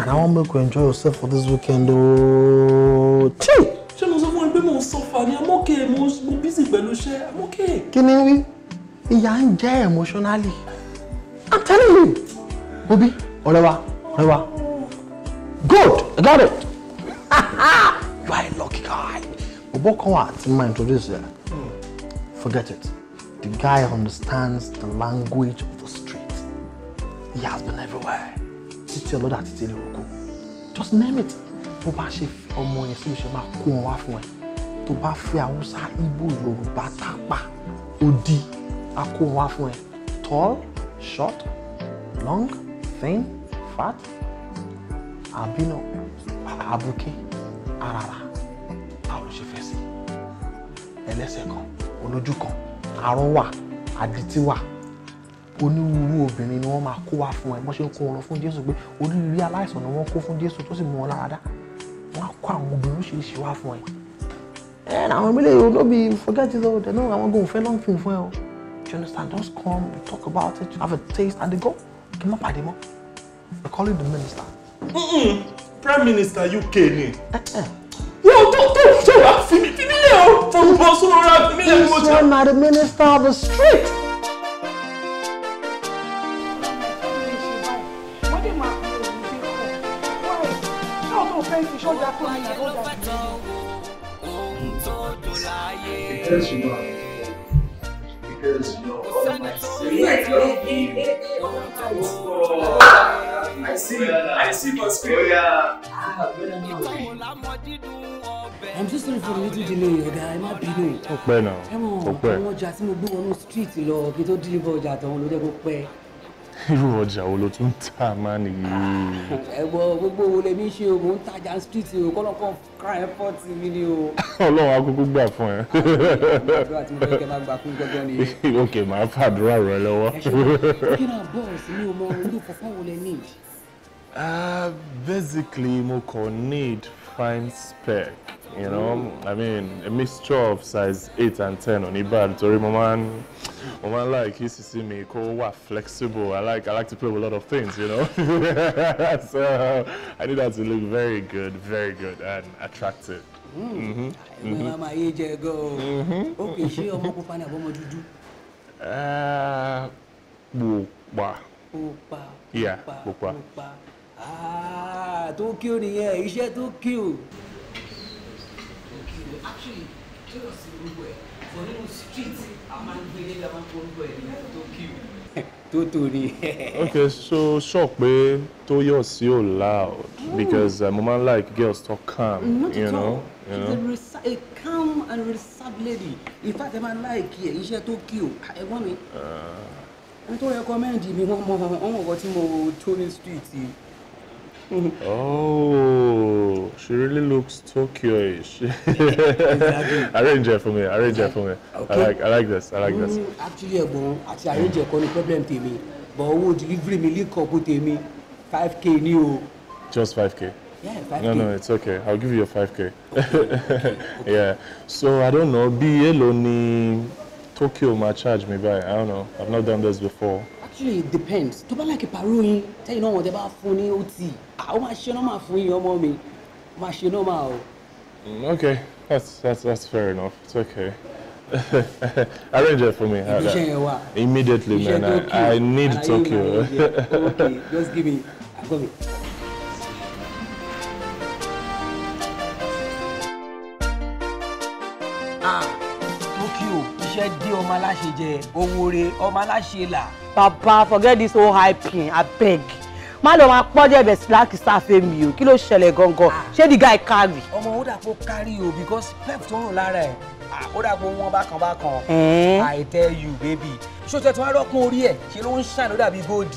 and i wan make you enjoy yourself for this weekend ooo. Oh, ṣé mo sọ fún ẹ pé mo ń sọfà ni i'm okay mo mo busy pẹ̀lú iṣẹ́ i'm okay. kí ni wí ìyá ń jẹ́ emotionally i'm telling you Obi ọ̀rẹ́ wa ọ̀rẹ́ wa good i got it you are a lucky guy But what wà tí mo introduce yẹn hmm. forget it the guy understands the language of the street he has been everywhere títí ọlọ́dà títí ilé oko just name it tó shef ṣe ọmọ yẹn sí ìṣe máa kó wọn wá fún ẹ tó bá fẹ́ haúsá ibo yorùbá tápà odi á kó wọn tall short long thin fat àbínà àbùké àràrà báwo ló ṣe fẹ́ sí ẹlẹ́sẹ̀ kan olójú kan àrùn wà àdìtí wà onírúurú obìnrin ni wọ́n máa kó wá fún ẹ bọ́n ṣe ń kó wọn lọ fún Jésù pé onírúurú aláìsàn ni wọ́n kó fún Jésù tó sì mú wọn lára dá wọ́n á kó àwọn obìnrin oríṣiríṣi wá fún ẹ and àwọn ìmílẹ̀ yóò no be forget it o dem no àwọn gan fẹ́ long film fún ẹ o you understand just come we talk about it have a taste and they go kí n má pàdé mọ́ they call it the minister prime minister UK ni wọ́n uh-uh. tó tó tó wá fi mí fi mí lé o fọwọ́ sọ́wọ́ rà fi mí lé o. he's not the minister of the street. Because you are. Because you are. Because you are. I see. I see for screen. Oh, yeah. Ah, brother, man. I'm so sorry for the little delay, ọ̀gá ẹ má bínú. Ó pẹ́ náà. Ẹ mọ̀ àwọn ọjà tí mo gbé wọnú street lọ kí tó délé bọ̀ ọjà àtàwọn ló jẹ́ kó pẹ́. Irú ọjà wo ló tún tà máa nìyí? Ẹ̀gbọ́n gbogbo wo lèmi ṣe o, mò ń tajà street o, kọ́lọ́kọ́ kra ẹ fọ́ ti mi ni o. Ọlọ́run akókó gbà fún ẹ. Àdúrà tí mo fẹ́ kẹ́ máa gbà fún gọ́gọ́ ni. Ok, màá fàdúrà rẹ lọ́wọ́. Ẹ ṣe kí náà bọ́ọ̀sì mi ò mọ orúkọ fáwọn lẹ́nìí. Uh, basically, Moko need fine spec. You know, mm. I mean, a mixture of size 8 and 10 on Ibad. Tori, my man, my man like, he see me, ko wa flexible. I like, I like to play with a lot of things, you know. so, I need that to look very good, very good and attractive. Mm. hmm Mm-hmm. mm-hmm. mm-hmm. age ago. Mm-hmm. Okay, she bupa. Bupa. Yeah, bupa. Ah, Tokyo nìyẹn iṣẹ́ Tokyo. Tokyo actually Tótó ni. Okay so sure pé Toyosi ò loud mm. because uh, mo máa ń like girls talk calm. Mm, not you know? all. You know? She's a, a calm and reserved lady. In fact, ẹ máa like ẹ̀ iṣẹ́ Tokyo ah, ẹ̀gbọ́n mi. Ah. Ẹni tó recommend mi wọ́n mọ ọkọ̀ tí mo tó ní street yìí oh, she really looks Tokyo-ish. exactly. Arrange it for me. Arrange it for me. Okay. I like. I like this. I like mm, this. Actually, ẹ̀gbọ́n àti arrange ẹ̀kọ́ ni problem tèmi but owó delivery me lè kọ́ bó tèmi five k new. Just five k. Yeah, No, no, it's okay. I'll give you your 5K. Okay, okay, okay. yeah. So I don't know. BA loan Tokyo might charge me by. I don't know. I've not done this before actually it depends tó bá láìkí pàrọ̀ yín tẹ́yìn náà wọ́n tẹ́ bá fún ní ot àwọn máa ṣe náà máa fún yín ọmọ mi máa ṣe náà máa o. Mm, okay that's that's that's fair enough it's okay. arrange it for me. Uh, immediately, man. I, I need Tokyo. okay, just give me. I got Ah sókè iṣẹ́ dé ọmọ aláṣẹ jẹ owó re ọmọ aláṣẹ là. bàbá forget this whole hyping abeg má lọ máa pọ́jọ́ ẹ̀bẹ̀ síláàkì sáfẹ́ mi o kí ló ṣẹlẹ̀ gangan ah. ṣé the guy carry. ọmọ ó dà pé ó carry o because pep tó ń rùn lára ẹ̀ ah, ó dà pé wọ́n bákan bákan i tell you baby ṣó tẹ̀ tí wọ́n á rọ́kún orí ẹ̀ ṣe ló ń ṣàn ló dàbí gold.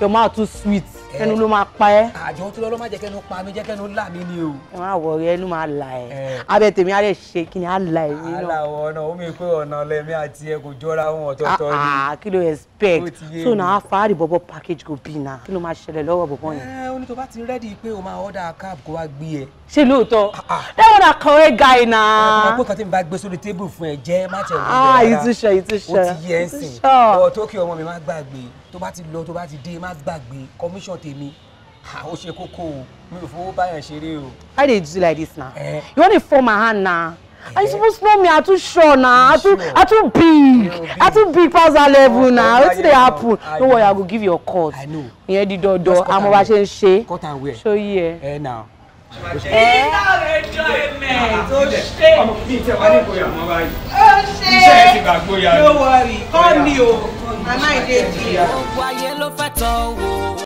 your mouth too sweet kẹnu ló máa pa ẹ́. àjọ tí lọ́lọ́ má jẹ́ kẹnu pa mi jẹ́ kẹnu là mí ni o. ẹ má wọ rẹ ẹnu máa là ẹ abẹ tèmi á lè ṣe kí ni á là ẹ nínú. aláwọ̀ ọ̀nà ó mi pé ọ̀nà lẹ́mí àti ẹ kò jọra wọn ọ̀tọ̀ọ̀tọ̀ ni. àà ah, ah, kí ló expect so na how far the bọ̀bọ̀ package go be na kí ló máa ṣẹlẹ̀ lọ́wọ́ bọ̀bọ̀ yẹn. ẹ o ní tó bá ti rẹ́dí pé o máa ọ̀dà cab kó wá gbé ẹ. ṣé lóòótọ́ that one na correct guy na. ọmọ pé kan tí mi bá gbé sórí tébù fún ẹ jẹ́ má tẹ̀ lóore ah, rárá. ìtúṣọ ìtúṣọ ìtúṣọ. ó ti yẹ ẹ sìn ọ̀ tó kí ọmọ mi má gbàgbé tó bá ti lọ tó bá ti dé má gbàgbé commission tèmi ó ṣe kókó o mi ò fowó báyọ̀ ṣeré o. why dey do like this na eh? you wan dey fall my hand na Are you eh? suppose know me i too sure na i too i too big i too big pass that level na wetin dey happen no worry i go give you your cut ìyẹn di dandan àmọ́ bá ṣe ń ṣe ṣóyí ẹ. ẹ na ẹ tó ṣe ọmọ mi tẹ wá ní ìgboyà mọ báyìí iṣẹ́ worry call oh, me o mama ide di. gbogbo ayé ló fẹ́ tọ́ wo.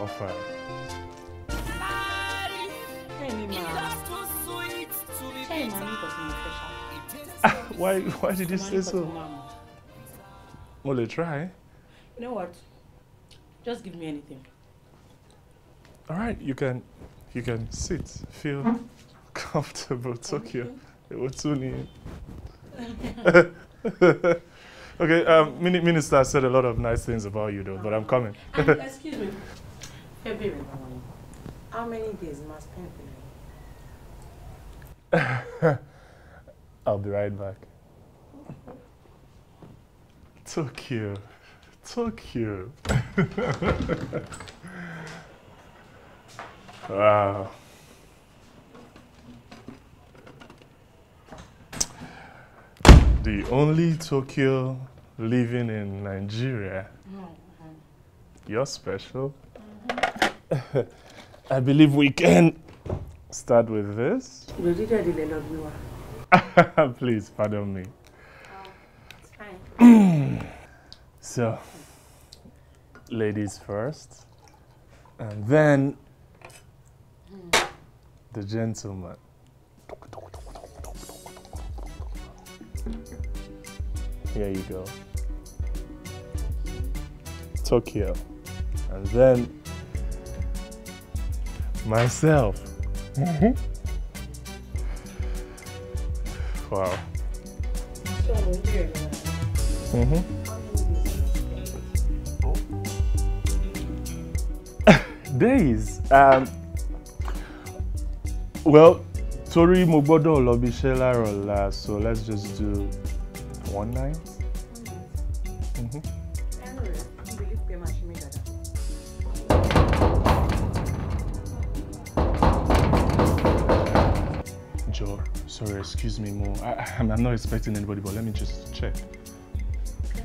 offer. why, why did you say so? Well, try. You know what? Just give me anything. All right, you can, you can sit, feel huh? Hmm? comfortable, Tokyo. It was only. Okay, um, Minister said a lot of nice things about you, though, but I'm coming. and, um, excuse me. how many days must spend with I'll be right back. Tokyo. Tokyo. wow. The only Tokyo living in Nigeria. Mm -hmm. You're special. Mm -hmm. I believe we can start with this. Please, pardon me. Oh, so, ladies first, and then the gentleman. Here you go. Tokyo. And then myself. Mm-hmm. wow. Mm-hmm. Days. Um, well, Tori Mobodo Lobishela Rola, so let's just do one night. Sorry, excuse me more. I, am not expecting anybody, but let me just check. Okay,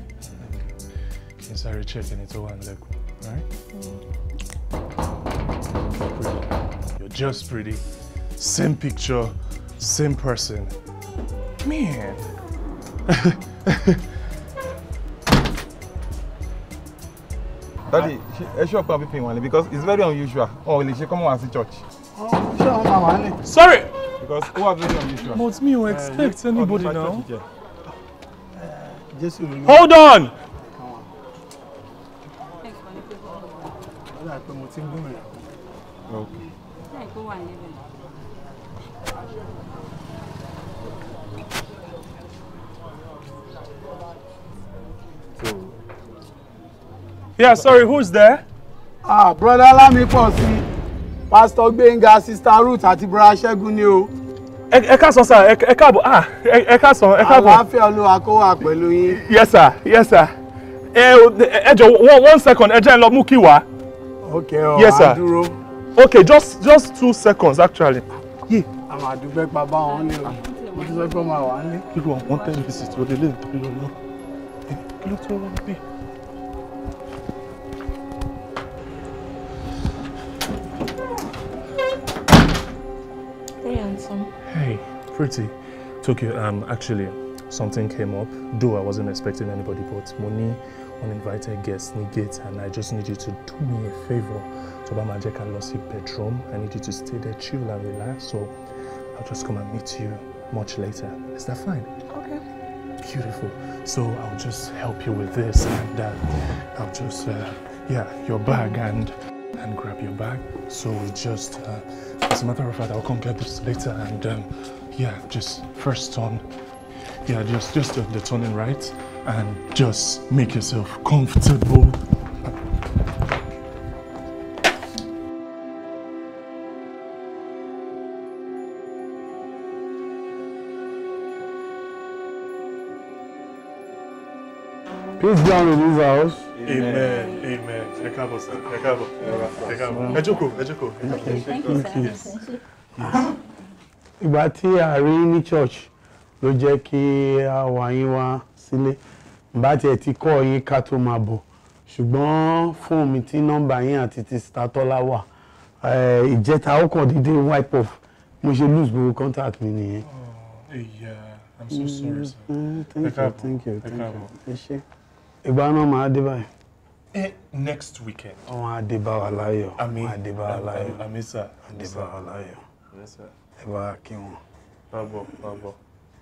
uh, sorry, check and it's all one leg, right? You're, You're just pretty. Same picture, same person. Man. Daddy, she ṣọ́ pé àbí money? because it's very unusual. Oh, she come ṣe common as a church. Oh, Sorry! because who are very unusual. But me, you expect uh, anybody now. Uh, Hold on! Okay. Yeah, sorry, who's there? Ah, brother, let me pause pásítọ̀ gbẹ̀ngà sista ruth àti bra ṣẹ́gun ni o. ẹ ká sọ sá ẹ káàbọ̀ ah ẹ ká sọ ẹ káàbọ̀. àlàáfíà olúwa kó wà pẹ̀lú yín. yes sir yes sir ẹ ẹ jọ one second ẹ jẹ́ n lọ mú kí wá. ok ọ yes, a dúró. ok just just two seconds actually. a máa dúpẹ́ pa bá wọn lé o mo ti sọ pé ó máa wà á lé. irú àwọn ten visits ló lè lè torí lọ náà kí ló tó wá bí. handsome. Hey, pretty. Tokyo, um, actually, something came up, though I wasn't expecting anybody, but Moni, uninvited guest, Nigate, and I just need you to do me a favor. To buy my Jack and Lossie bedroom, I need you to stay there, chill and relax, so I'll just come and meet you much later. Is that fine? Okay. Beautiful. So I'll just help you with this and uh, I'll just, uh, yeah, your bag and, and grab your bag. So we just, uh, as a matter of fact, I'll come get this later and um, yeah, just first turn. Yeah, just just the, the turning right and just make yourself comfortable. Peace down in this house. amen amen ẹ sir ẹ káàbọ̀ ẹ káàbọ̀ thank you. ẹ jókòó ẹ káàbọ̀. ìgbà tí a rí ní church ló jẹ́ kí a wá yín wá sílé bá tiẹ̀ ti kọ́ yín ká tó máa bọ̀ ṣùgbọ́n fóònù mi tí nọ́mbà yín àti ti sítátọ́lá wà ìjẹta ó kàn dédé wipe off mo ṣe lose gbogbo contact mi nìyẹn. Oh, I'm so sorry, sir. Mm-hmm. thank, you, thank you, thank you, thank you. Ìgbà náà máa dé báyìí. Eh, next weekend. Àwọn Adébáwa láyọ̀. Àmì Adébáwa láyọ̀. Àmì sà. Adébáwa láyọ̀. Ẹ bá kí wọn. Bàbọ̀ bàbọ̀.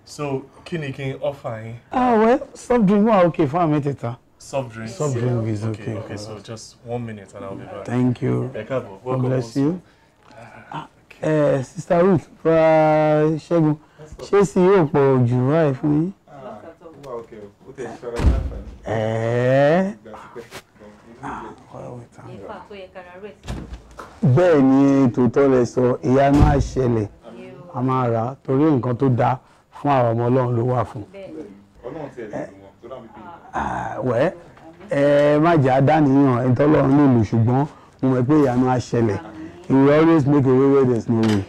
So kí ni kí offer yín? Ah well, soft drink wà okay fún àmì tètè. Soft drink. Soft drink is okay. Okay, okay so just one minute and I'll be back. Thank you. Ẹ káàbọ̀. God bless you. Ah, ah, eh, Sister Ruth bá uh, Ṣẹ́gun ṣé sí yóò e pọ̀ jù báyìí fún yín? Ah, Ẹ̀ẹ́. Eh. Ah, bẹ́ẹ̀ ni tòótọ́ rẹ sọ ìyá máa ṣẹlẹ̀ a máa rà torí nǹkan tó dáa fún àwọn ọmọ ọlọ́run ló wà fún. wẹ́ ẹ má jà dánìyàn ẹ tọ́lọ́run nílùú ṣùgbọ́n mo mọ̀ pé ìyá máa ṣẹlẹ̀ you will always make a way where there is no way.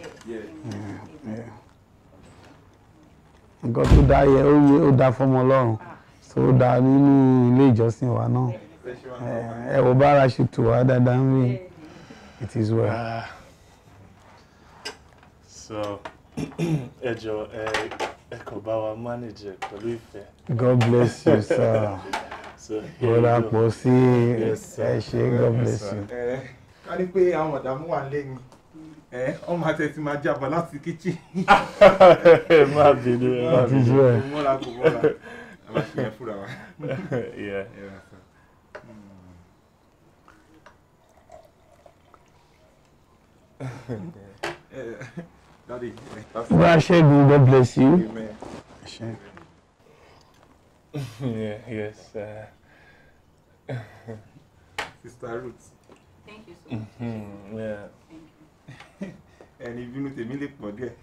nǹkan tó dáa yẹ ó dáa fọmọ ọlọ́run tó dáa nínú ilé ìjọsìn wa náà. Eh, ẹ bára ṣe tù wá dáadáa ń rìn it is well. Uh, so ẹ jọ ẹ ẹ kò bá wa manage ẹ pẹ̀lú God bless you sir. so rọra pọ̀ sí ẹ ṣe God bless you. Eh, ká ní pé àwọn ọ̀dààmú wà lẹ́yìn eh, ẹ máa tẹsí máa jẹ àbá láti kíchìn. má bínú má bínú. mo mọ́ra kò mọ́ra a máa ṣe yẹn fúnra wa. Daddy. Rashegun, God bless you. Amen. yeah, yes. Uh, Sister Ruth. Thank you so much. Mm-hmm, yeah. Thank you. And if you need a minute for there,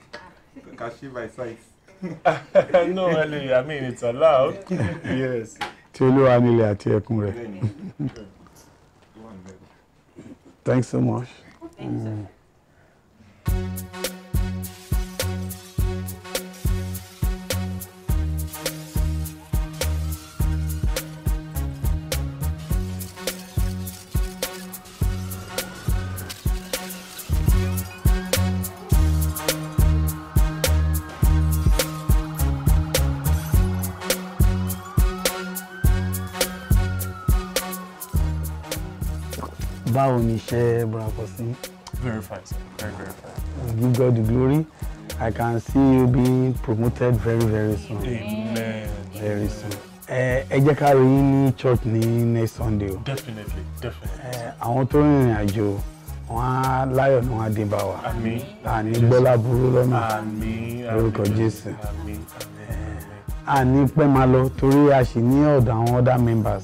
cash by size. no, really, I mean, it's allowed. yes. Tí Olúwa nílé àti ẹkún rẹ̀. Thanks so much. Thank you, sir. Mm. very fine sir very very fine. give God the glory. I can see you being promoted very very soon. Amen. Very soon. Eh, ẹ jẹ́ ká rí yín ní church ní next Sunday o. Definitely, definitely. Eh, àwọn tó rìnrìn àjò wọn á láyọ̀ ni wọ́n á dé bá wa. Àmín. Àní gbọ́lá burú lọ́nà. Àmín. Lórúkọ Jésù. Àmín. Eh, àní pẹ́ máa lọ torí a sì ní ọ̀dọ̀ àwọn other members.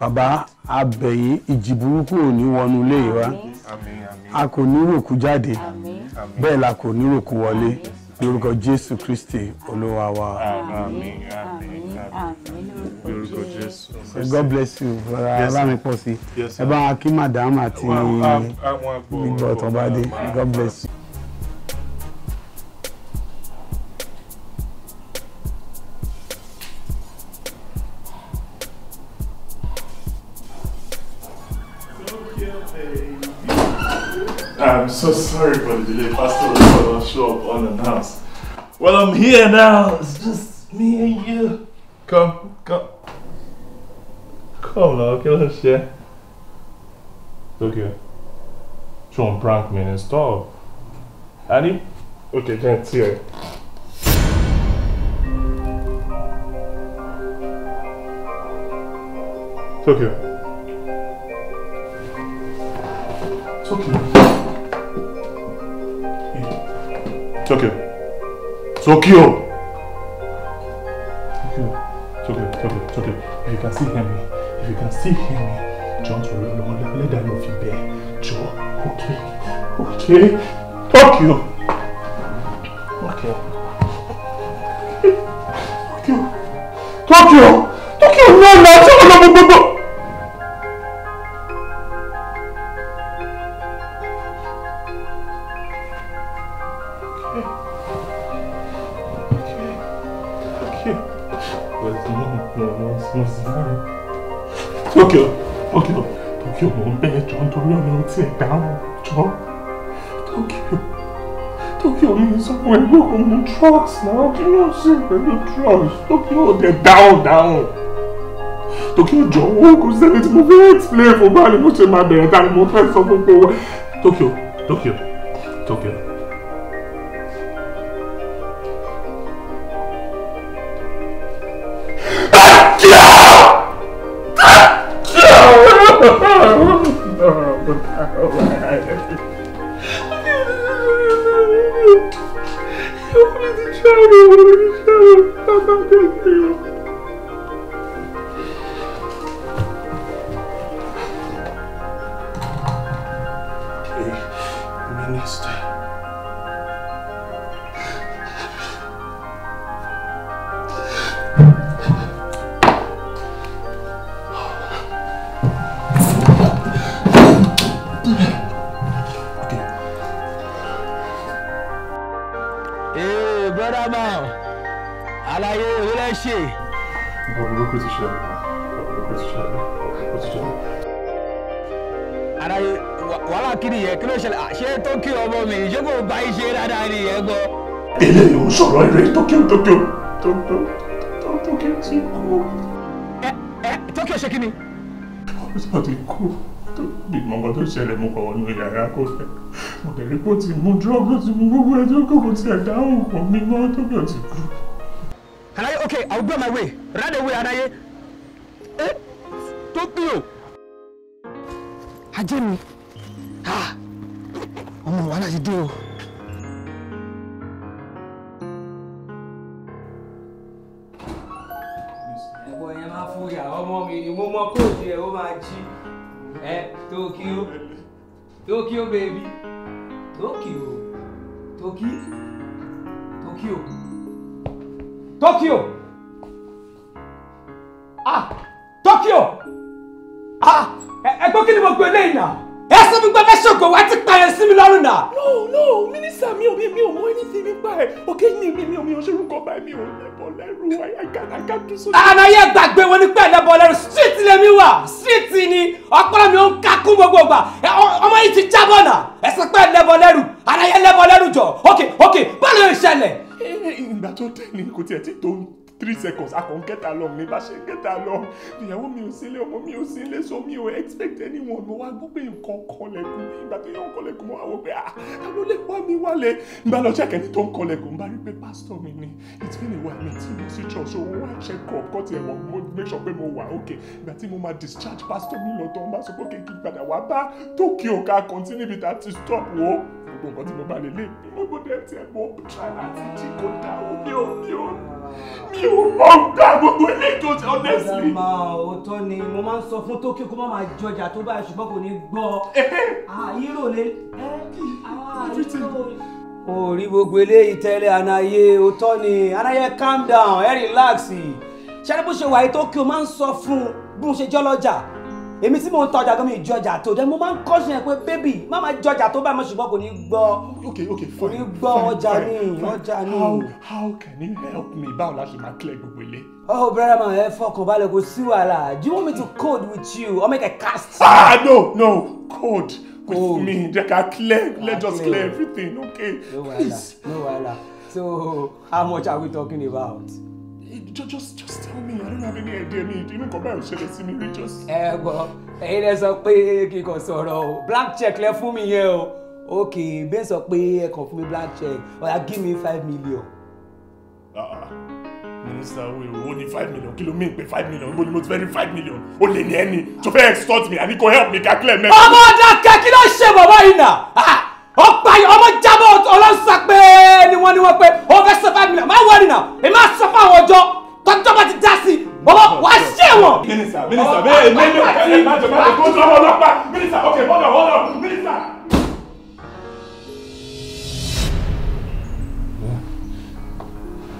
bàbá abẹ̀yìn ìjì burúkú ò ní wọnú ilé yìí wá a kò ní ròkú jáde bẹ́ẹ̀ la kò ní ròkú wọlé lórúkọ jésù kristi olúwa wa. àmín àmín àmín lórúkọ jésù. god bless you brother alámipọ̀sí ẹ bá akín madam àti gbígbọ́ tó bá dé god bless you. I'm so sorry for the delay. Pastor will show up unannounced. Well, I'm here now. It's just me and you. Come, come. Come now, okay, let's share. Look here. Sean prank me and stuff. Annie? Okay, can't see it. Tokyo. Tokyo. It's okay. It's okay. Oh. It's okay. It's okay. It's okay. If you can still hear me, if you can still hear me, John to run on. Let that know if you bear. Joe. Okay. Okay. Okay. Okay. Tokyo! Tokyo! Tokyo! No, no! Tokyo! No, no, no! lókè o lókè o lókè o mò ń bẹ́ẹ̀ jọ nítorí ọ̀nà tí ẹ̀ dáhùn jọ lókè o lókè o mi sọ pé ẹgbẹ́ òkú mu drugs náà kí ló ń ṣe pẹ̀lú drugs lókè o dẹ̀ dáhùn dáhùn lókè o jọ owó kò sẹ́ni tí mo fẹ́ explain fún báyìí mo ṣe máa bẹ̀rẹ̀ ta ni mo fẹ́ sọ fún pé wọ́n lókè o lókè o lókè o. Oh. Tokyo Tokyo Tokyo Tokyo ti kú. Ẹ Ẹ Tokyo ṣe kí ni? Ó ti kú bí mọ̀gbọ́n tó ṣẹlẹ̀ mú kọ̀ wọnú yàrá kó fẹ́ mo lè rí pé ó ti mú drug ó ti mú gbogbo ẹjọ́ kòkò tí ẹ̀dá òògùn mi mọ́ tó bí ó ti kú. Àlàyé okay I will go my way right away Àlàyé ẹ tó bí o. Ajé mi ah, ọmọ wàhálà ti dé o. Tokyo, Tokyo baby, Tokyo, Tokyo, Tokyo, Tokyo, ah Tokyo, ah ẹgbẹ́ kí ni mo pè é lẹ́yìn náà ẹ sọ fún pẹ́fẹ́ ṣògo wá ti pa ẹ̀ sí mi lọ́rùn náà. no no mínísítà mi ò mi mi ò mọ ẹni tí mi pa ẹ òkè mi mi mi ò mi ò ṣerú kọ́ báyìí mi ò lẹ́bọ lẹ́rù àyàkàdàkàdù sódì. àná yẹ gbàgbé wọn ní pẹ́ lẹ́bọ lẹ́rù street lèmi wà street ni ọpọlọ mi ò ń kakún gbogbo gbà ọmọ yìí ti jábọ̀ náà ẹ sọ pé lẹ́bọ lẹ́rù àná yẹ lẹ́bọ lẹ́rù jọ ok ok báwo ló three seconds a kàn get along ní bá ṣe get along ìyàwó mi ò sílé ọmọ mi ò sílé so mi ò expect anyone mo wá gbọ́ pé nǹkan kọlẹ̀kùn ìgbà tó yẹ kọlẹ̀kùn mo wá wọ pé ah àwọn olè wá mi wálé n bá lọ check ẹni tó ń kọlẹ̀kùn n bá rí pé pastor mi ni it's been a while Me tí mo ti church so wọ́n wá check up kọ́ tiẹ̀ wọ́n mo make sure pé mo wà ok ìgbà tí mo máa discharge pastor mi lọ́tọ̀ n bá sọ pé kí n padà wá bá tókì ò continue with that to stop wo gbogbo nǹkan tí mo bá lè lè mi mo gbọ́dọ̀ ẹ̀ tiẹ̀ mọ́ try láti jí kó dá o mi ò mi ò mi ò mọ̀ ń dá gbogbo eléyìí tó ṣe honestly. ìjàmbá òótọ́ ni mo máa ń sọ fún Tókè kó má máa jọjà tó báyìí ṣùgbọ́n kò ní gbọ́ àyírò lè orí gbogbo eléyìí tẹ́lẹ̀ ànáyé òótọ́ ni ànáyé calm down ẹ relax ṣé bó ṣe wà yìí Tókè o máa ń sọ fún bí ṣe jọ́ èmi tí mò ń ta ọjà gómìnà ìjọjà tó dẹ mo máa ń kọ́sùn ẹ̀ pé bébì má máa jọjà tó bá mi ṣùgbọ́n kò ní gbọ́ kò ní gbọ́ ọjà ni ọjà ni. how can you help me báwo la ṣe máa clear gbogbo ilé. oh brother ma ẹ fọkàn balẹ̀ kò sí wàhálà do you want me to code with you or make a cast. ah no no code with oh. me jẹ́ ká clear let's just clear everything okay please. no wahala no wahala so how much are we talking about just just just tell me i don't have any idea mi inú nǹkan báyìí ò ṣẹlẹ̀ sí mi rí just. ẹ gbọ́ èyí lẹ sọ pé kí sọ̀rọ̀ o black check lẹ fún mi yẹn o ok bẹ́ẹ̀ sọ pé ẹ kàn fún mi black check ọ̀yà give me five million. mínísítà owó ìwọ ní five million kí ló mí pé five million níbo ni mo ti fẹ́ rí five million ó lè ní ẹni tó fẹ́ extort mi àní kò help me ká clear mẹ́rin. ọmọ ọ̀dà kẹ́kí ló ṣe bàbá yìí nà. Ah, ah ọ̀pá ọmọ jábọ̀ ọlọ́sàpẹ́ ni wọ́n ní wọ́n pé ó oh, fẹ́ sọ five máa wọ̀rì náà èmi máa sọ àwọn ọjọ́ tọ́jọ́ bá ti dá sí i bọ́bọ́ wá sí ẹ̀wọ̀n. mínísà mínísà bẹ́ẹ̀ mi ní ọ̀pá ẹ̀ má jọ má jọ kó mínísà ok hold hold on mínísà.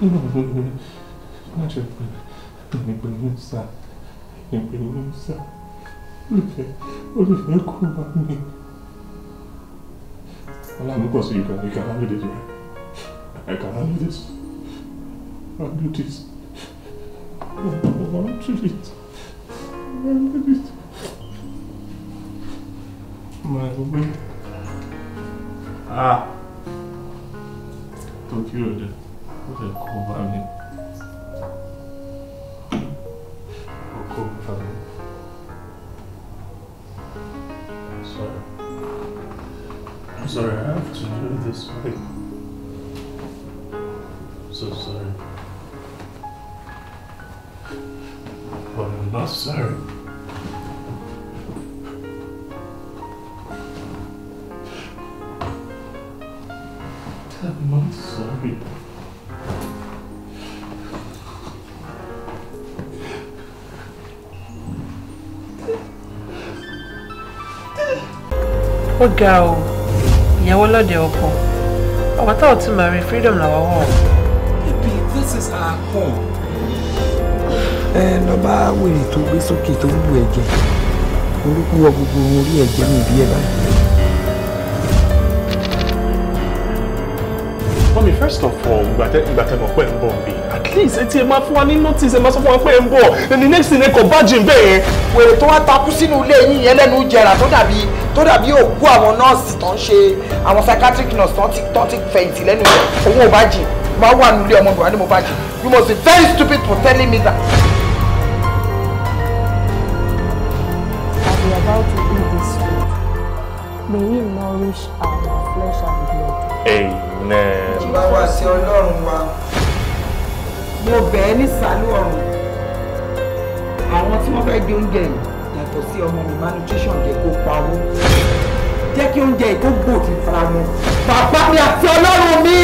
nígbà wo ni má jẹ pé èmi pẹ̀lú sá èmi pẹ̀lú sá olùfẹ́ olùfẹ́ kò bá mi. Allah you can, you can handle this, right? I can handle this. I can do this. I can do this. I can do this. My woman. Ah. Tokyo, what a cool family. A sorry, I have to do this. way. So sorry. But I'm not sorry. I'm not sorry. What girl? ìyàwó lọ́dẹ ọkọ àwọn tá ò ti marry freedom làwọn wọ̀. baby this is our home. ẹ lọ bá wèrè tó gbé sókè tó wù ẹ jẹ orúkú wọ gbogbo orí ẹ jẹ níbi ẹ báyìí. Mommy, first of all, ìgbà tẹ́ ìgbà tẹ́ mọ̀ pé ń bọ̀ bí. At least ẹ ti ẹ máa fún wa ní notice ẹ máa sọ fún wa pé ń bọ̀. Then the next thing ẹ kò bá jìn bẹ́ẹ̀. Wèrè tó wá takú sínú ilé yín yẹn lẹ́nu jẹrà tó dàbí tó dàbí òkú àwọn nọ́ọ̀sì tó ń ṣe àwọn psychiatric nurse tó ti tó ti fẹ̀yìntì lẹ́nu rẹ̀ òun ò bá jìn máa wà nílé ọmọ ni mo bá jìn you must be very stupid for telling me that. tí ọmọ mi malnutrition jẹ́ kó pa owó jẹ́ kí oúnjẹ ìkó gbòdì fara wọn. bàbá mi àti ọlọ́run mi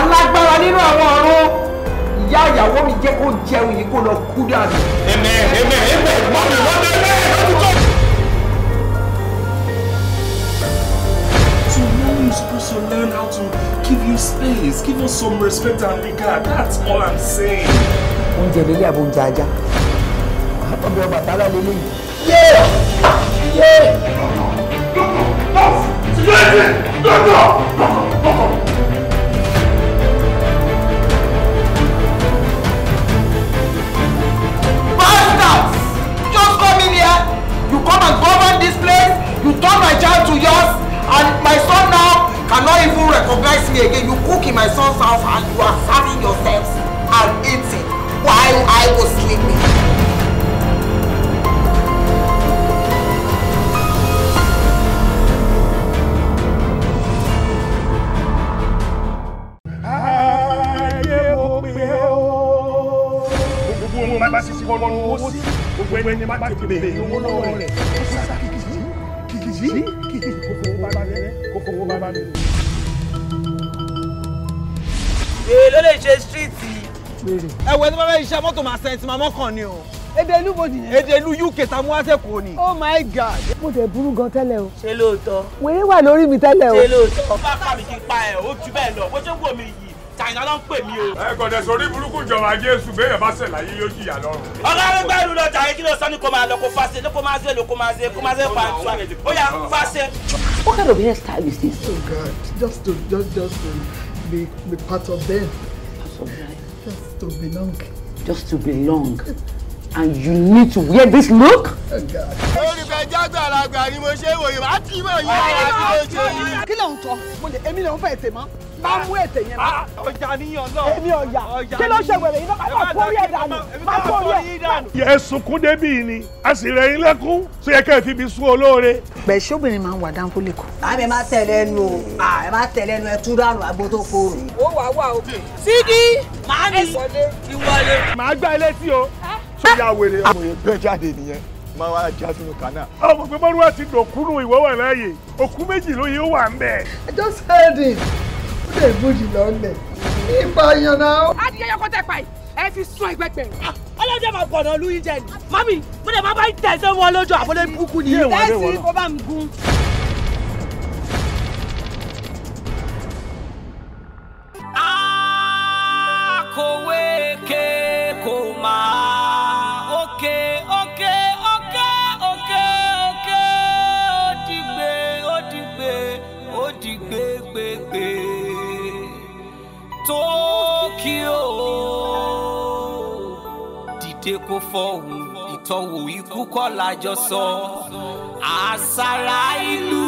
alágbára nínú àwọn ọ̀run ìyá ìyàwó mi jẹ́ kó jẹun yìí kó lọ kú dànù. ẹ̀mẹ̀ ẹ̀mẹ̀ ẹ̀mẹ̀ mọ́mí wọ́n bẹ̀rẹ̀ lọ́dún tó. you're supposed to learn how to give you space, give us some respect and regard. That's all I'm saying. Oúnjẹ lélẹ̀ àbóúnjẹ ajá. Ọbẹ̀ ọbàtálá lélẹ̀ yìí. Yé! Yé! Bastards! Just come in here. You come and govern this place. You turn my child to yours. And my son now cannot even recognize me again. You cook in my son's house and you are serving yourselves and eating while I was sleeping. lọ́wọ́ ní owó sí gbogbo ẹni ní má owó lọ́wọ́ rẹ̀ ó sì sá kìkìkì kìkìkì kò fowó bá balẹ̀ kò fowó bá balẹ̀. èèló lè ṣe stíìtì ẹwẹ tó bá fẹ́ iṣẹ́ mọ́tò máa sẹ́yìn tí mọ́kàn ni o. èdè ìlú bo nìyẹn. èdè ìlú UK samuwase kò ní. oh my god. mo tẹ burú gan tẹ́lẹ̀ o. ṣé lóòótọ́. wèrè wà lórí mi tẹ́lẹ̀ o. ṣé lóòótọ́. bá a kà mí kí n pa ẹ̀ ó ju bẹ́ẹ̀ lọ bó ṣe wù mí yìí àyìnlá ló ń pè mí o. ẹ kò dẹ̀ sórí burúkú jọba jésù bẹ́ẹ̀ bá ṣẹ̀ láyé yóò jìyà lọ́rùn. ọ̀gá mi gbẹ́ ìlú lọ́jà yìí kí ló máa lọ kó fàṣẹ ló kó máa ṣe ló máa ṣe kó máa ṣe fàǹtúwà ó yà fàṣẹ. What kind of hairstyle is this? Oh God, just to just just to be be part of them. Just to belong. Just to belong. and you need to wear this look. Oh olùgbẹ́jọ́ àgbàlagbà ni mo ṣe wòye wá tí mo yẹ àwọn àti mo ṣe yìí. kí ló ń tọ́ mo lè èmi lè ń fẹ́ tèmọ́ má mú ètè yẹn náà. Ah, ọjà níyàn náà. èmi ọ̀yà kí ló ṣe wẹ̀rẹ̀ yìí náà má orí ẹ̀ dànù má kó orí ẹ̀ dànù. yẹ sunkún débì ni a sì rẹ̀ yín lẹ́kún sí ẹ̀kẹ́ ìfibi sún olóore. bẹ́ẹ̀ ṣóbìnrin máa ń wà dáńkó lẹ́kọ̀ọ́. àmì má tẹ̀lé ẹnu o àmì má tẹ̀lé ẹnu ẹ tú dànù àgbo tó ó wà wà òkè. sídi màá ní ìwọlé. màá gbá ilé tí o. sójà ah. wèrè ọmọ bẹ́ẹ̀ jáde nìyẹn máa wá já sínú kànáà. ọmọ pé mọ́rúwá ti dọ̀kúnú ìwọ́wà láàyè òkú méjì ló yẹ wà ń bẹ̀. I just heard it tẹ̀gbọ́dì lọ́lẹ̀ ìpààyàn náà. adìyẹ yọkọ tẹ pa yìí ẹ fi sún ẹgbẹgbẹ. Ah, ọlọ́dẹ máa gbọ̀nà lu yín jẹ ni. mami mo lè má bá tẹ̀sẹ̀ wọn lójú àbọ̀lẹ̀ burúkú ni. ẹ̀sìn kò bá mi gun. akọ̀wé ké máa. dìde kó fọ̀hùn ìtọ́wò ikú kọ́ lájọ sọ. àṣàrà ìlú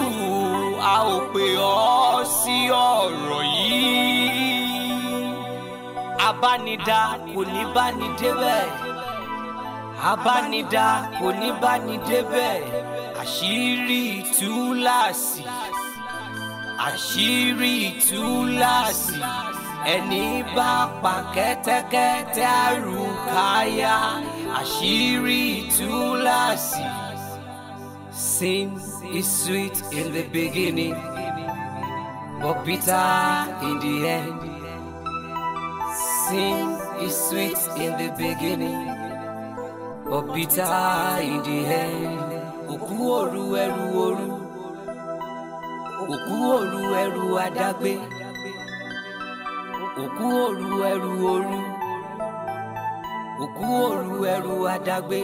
a ò pè ọ́ sí ọ̀rọ̀ yìí. abánidá kò ní bá débẹ̀. abánidá kò ní bá débẹ̀. àṣírí túláàsì àṣírí túláàsì. ẹni bá pa kẹ́tẹ́kẹ́tẹ́ àrùkáyà àṣírí túláàsì. Sin is sweet in the beginning, but bitter in the end. Sin is sweet in the beginning, but bitter in the end. Òkú òru ẹrù òru, òkú òru ẹrù adágbé. òkú òru ẹrù òru òkú òru ẹrù adágbé.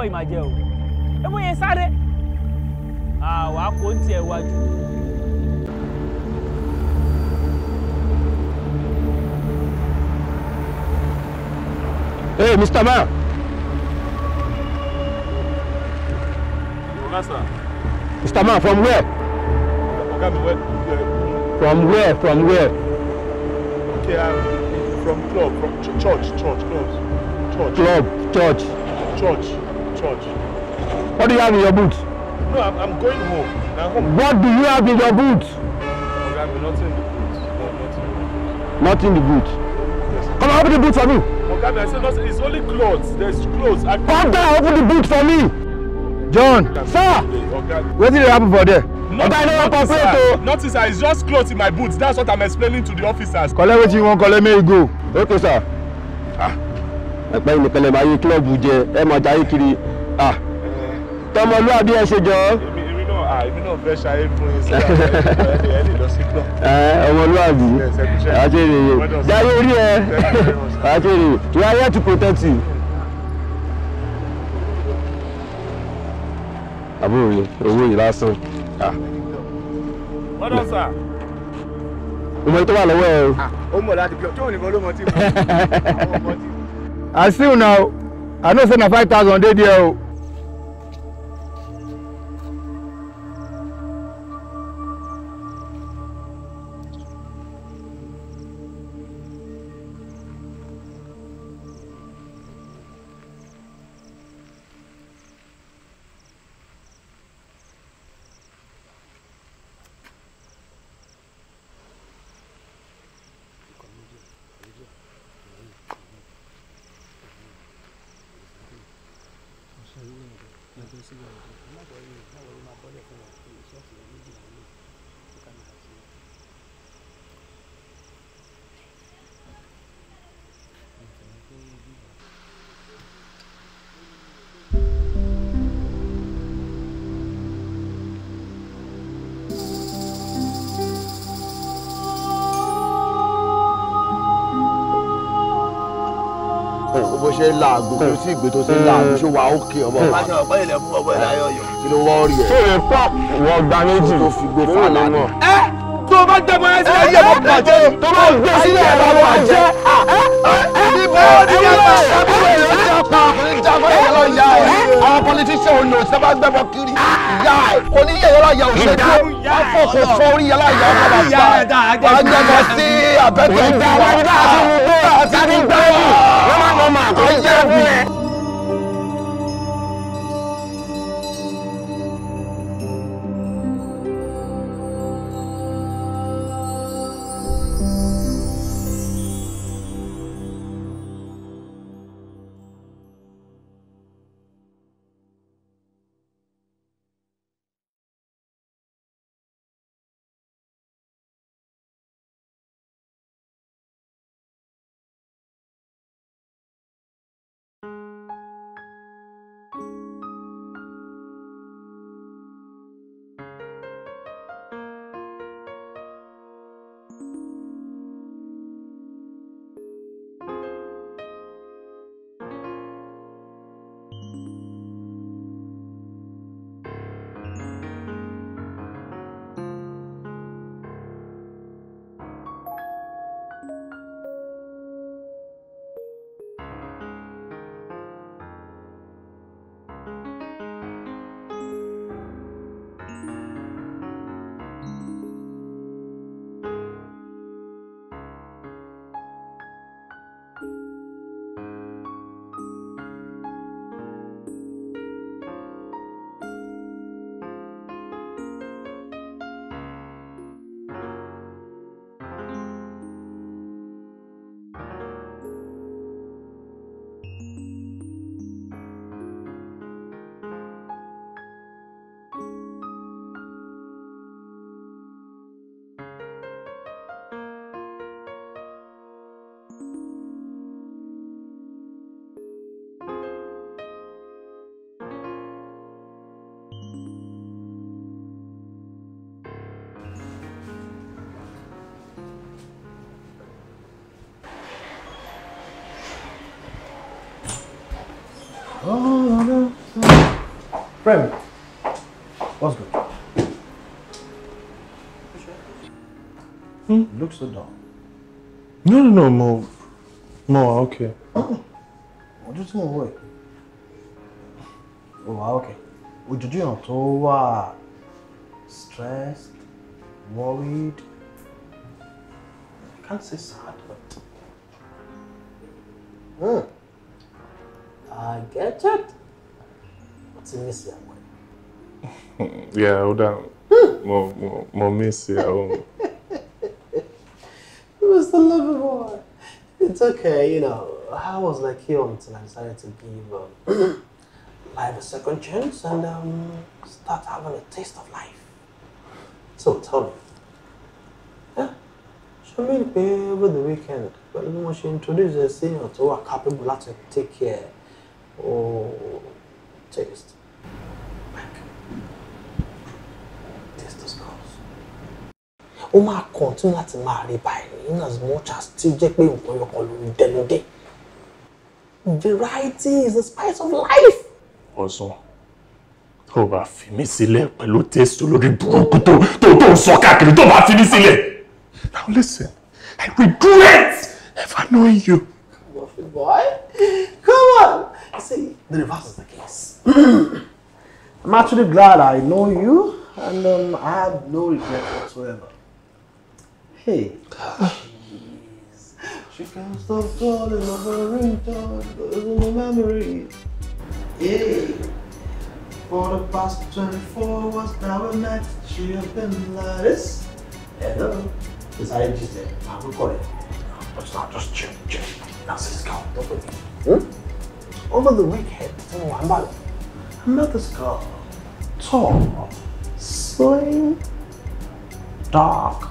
bọ́ yìí jẹ o ebo yẹn sáré àwa kò ń tiẹ̀ wájú. Hey, Mr. Man. Mr. Man, from where? From where? From where? Okay, I'm from club, from ch church, church, club, church. Club, church. Church church. What do you have in your boots? No, I'm, I'm going home. home. What do you have in your boots? Okay, oh, I have nothing in the boots. No, nothing in the boots. Yes. Come on, open the boots for me. Okay, I said nothing. It's only clothes. There's clothes. I Come down, open the boots for me. John, sir, okay. what did happen for there? Not, okay, not, not, sir. Oh. not sir, it's just clothes in my boots. That's what I'm explaining to the officers. Collect what you want, collect me, go. Okay, sir. Ah. ẹ̀pẹ́ ìnìkanlẹ̀ máa yé kílọ̀bù jẹ ẹ máa kiri kọ́mọlúwàbí ẹ ṣe jọ. èmi náà èmi náà fẹ́ ṣayé fún yín sí àwọn ẹni lọ sí club. ọmọlúwàbí àtẹ̀rẹ̀ jáde orí ẹ àtẹ̀rẹ̀ we are here to protect you. àbúrò mi owó yìí lásán. wọ́n dọ̀ sà mo mọ tó wà lọ́wọ́ ẹ o. ó mọ̀ láti bí ọjọ́ òní kan ló mọ tí mo. I still una o I know say na five thousand dey there o. ṣe ń làágùn kí o sì gbé tó ṣe ń làágùn ṣó wa ókè ọmọ wa. máṣe ọ̀pọ̀ ilẹ̀ fún ọmọ ilẹ̀ ayọ̀yọ̀. kí ló wọ́ rí ẹ. ṣé o pọ̀ wọ gba méjì tó fi gbé fàlà náà. ẹ tó o bá jẹ mọ ẹsẹ ayé ẹ bàjẹ́ tó o bá gbé sílẹ̀ ẹ bàjẹ́. ìbò oníyẹ bá sábúrò ẹ ló jà pa ìjàmbá ẹ lọ ya ẹ àwọn politician ò ní o sábà gbẹbọ kiri ya ẹ kò ní yẹyẹ lọ ya òṣèlú afọkò fọ orí yẹlá ya ọkọ bàbá wàá jẹ bọ sí abẹ́tẹ̀ ìgbà wàá dáa sí ìgbà wàá 马回家去。Prem, what's good? Hmm? Looks so dark. No, no, no, more. More, okay. I what do you think Oh, okay. Ojoojúmọ́ you know, tó wà stressed, worried. I can't say sad, but. Hmm. I get it miss ìyàwó ẹ. yà ó dà mo miss you. mi. It was the love of It's okay, you know. I was like you until I decided to give um, life a second chance and um, start having a taste of life. So tell me, yeah, show me over the weekend But bí wọ́n ṣe introduce ẹ sí èèyàn tó wà capable to take care or taste. ó máa continue láti máa rí báyìí in as much as tí ó jẹ́ pé nǹkan ọkàn ló ń dẹnu dé variety is the spice of life. ọ̀sán tó bá fi mí sílẹ̀ pẹ̀lú tẹ́sítì olórí burúkú tó tó tó ń sọ káàkiri tó bá fi mí sílẹ̀. now listen i regret ever knowing you. Buffy boy come on you see the reverse is the case. i'm actually glad i know you and um, i have no regret whatsoever. Hey. she can't stop calling my phone ringtone, my memory. Hey. For the past 24 hours, now and night, she has been like this. Hello. Is I just said. I'm recording. It's not just chill, chill. Now, sis, go. Don't wait. Hmm? Over the weekend, oh, I'm not. I'm not this girl. Tall, slim, dark.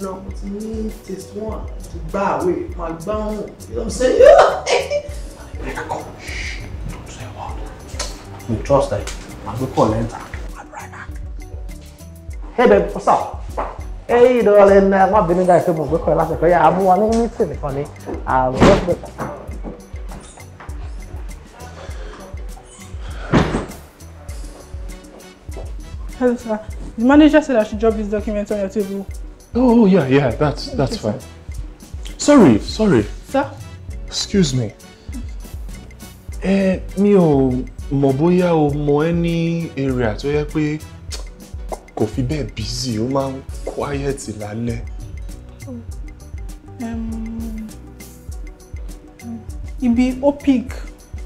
No, mo ti ní taste one to gbá àwẹ̀ my gbá you know what I'm saying. break up don't say a word you trust that my good call enter I'm right back. hey babe what's up. Hey darling, uh, wọ́n bínú dáì pé mo gbé kọ́ ẹ I'm one yá àmú wa ní mítìnì kan ní Hello sir, the manager said I should drop this document on your table. Oh, oh, yeah, yeah, that's, that's fine. Sorry, sorry. Sir? Excuse me. Eh, me o mọ̀ bóyá o mọ any area to yẹ pé kò fi bẹ́ẹ̀ busy, ó máa ń quiet lálẹ́. Um, ibi Opik,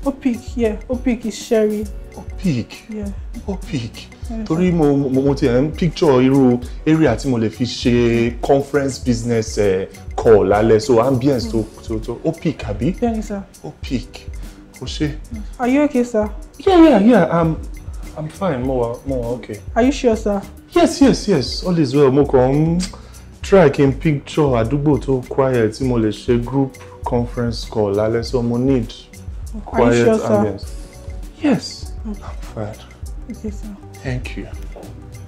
Opik, yeah, Opik is Sherry. Opik? Yeah. Opik torí mo mo mo ti ẹ̀ ń picture irú area tí mo lè fi ṣe conference business uh, call lálẹ́ so ambience tó to hmm. to ó peak àbí? bẹ́ẹ̀ni sir. ó peak ó ṣe. are you okay sir? yeah yeah yeah i'm i'm fine mo wa mo wa okay. are you sure sir? yes yes yes all is well mo kàn ń try kí n picture àdúgbò tó quiet tí mo lè ṣe group conference call lálẹ́ so mo need quiet are you sure, ambience. yes. Okay. i'm fine. okay sir. Thank you.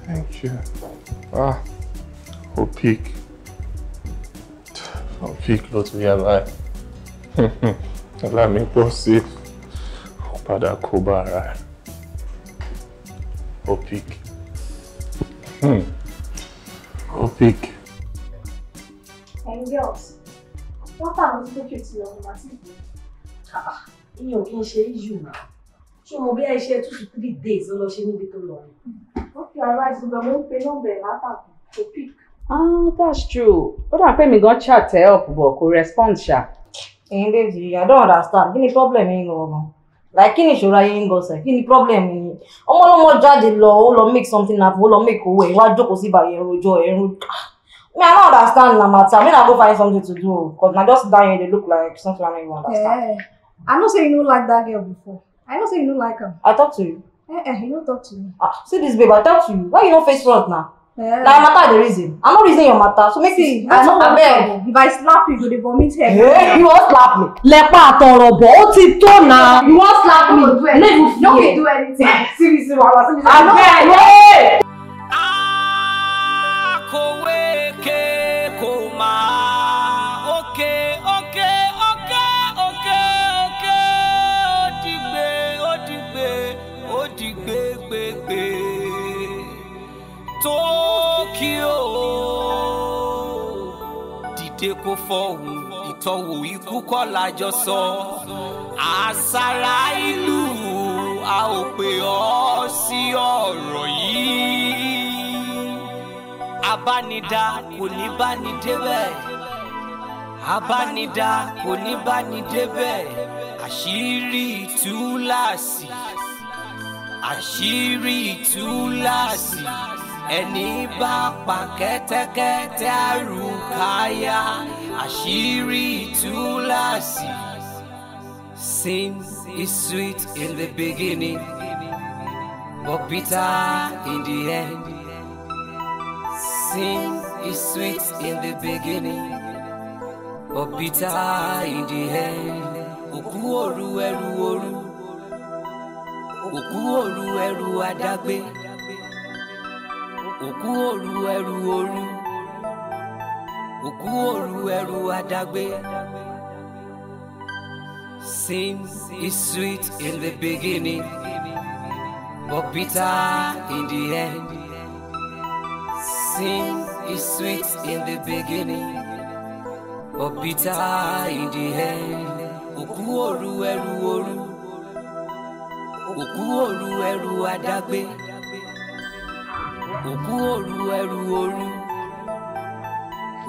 Thank you. Ah, Opik. Opik ló tún yá báyìí. Alámi pọ̀ sí ó padà kó bá ara ẹ̀. Opik. Opik. And girls, wọ́n fà mí sí pé kìtì lọ́wọ́ màá sì gbé. Ìyẹn ò kí ń ṣe é yù ṣé mo bí iṣẹ́ two to three days ló lọ ṣe níbi tó lọ. ó fi ara mo ń pe nọ́mbà ẹ̀ látàkùn kò pick. ah that's true ó dà pé mi gan chat ẹ up bọ̀ kò respond ṣá. ẹyin bèbí i don't understand kí ni problem yín gan gan like kí ni ìṣòro ayé ń gọsẹ kí ni problem yín ọmọ ọlọmọ jáde lọ ó lọ make something happen ó lọ make owó ẹ wá jókòó sí ìbàyẹn rojọ ẹ ń ah! me i don't understand na matter I mean, I go find something to do because na just down here dey look like something i don't even understand. Yeah. i know say you no like that girl before I know say you don't like him. I talk to you. Eh eh, you no talk to me. Ah, see this babe, I talk to you. Why you no face front now? Yeah. Na your matter the reason. I'm not reason your matter. So make see, I no abeg. If I slap you, you go dey vomit head. you wan slap me? Lẹ́pà àtọ̀rọ̀ bọ̀, ó ti na. You wan slap me? No, you no fit do anything. Seriously, wàhálà. I no fit. òde kò fọhùn ìtọ́wò ikú kọ́ lájọ sọ àṣàrà ìlú a ò pè ọ́ sí ọ̀rọ̀ yìí abánidá kò ní bá ní débẹ̀ abánidá kò ní bá ní débẹ̀ àṣírí túláàsì àṣírí túláàsì. ẹni bá pa kẹ́tẹ́kẹ́tẹ́ àrùkáyà àṣírí túláàsì. Sin is sweet in the beginning, but bitter in the end. Sin is sweet in the beginning, but bitter in the end. Òkú òru ẹrù òru, òkú òru ẹrù adágbé. òkú òru ẹrù òru òkú òru ẹrù adágbé. Sin is sweet in the beginning, but bitter in the end. Sin is sweet in the beginning, but bitter in the end. Òkú òru ẹrù òru, òkú òru ẹrù adágbé òkú òru ẹrù òru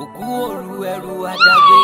òkú òru ẹrù adágbé.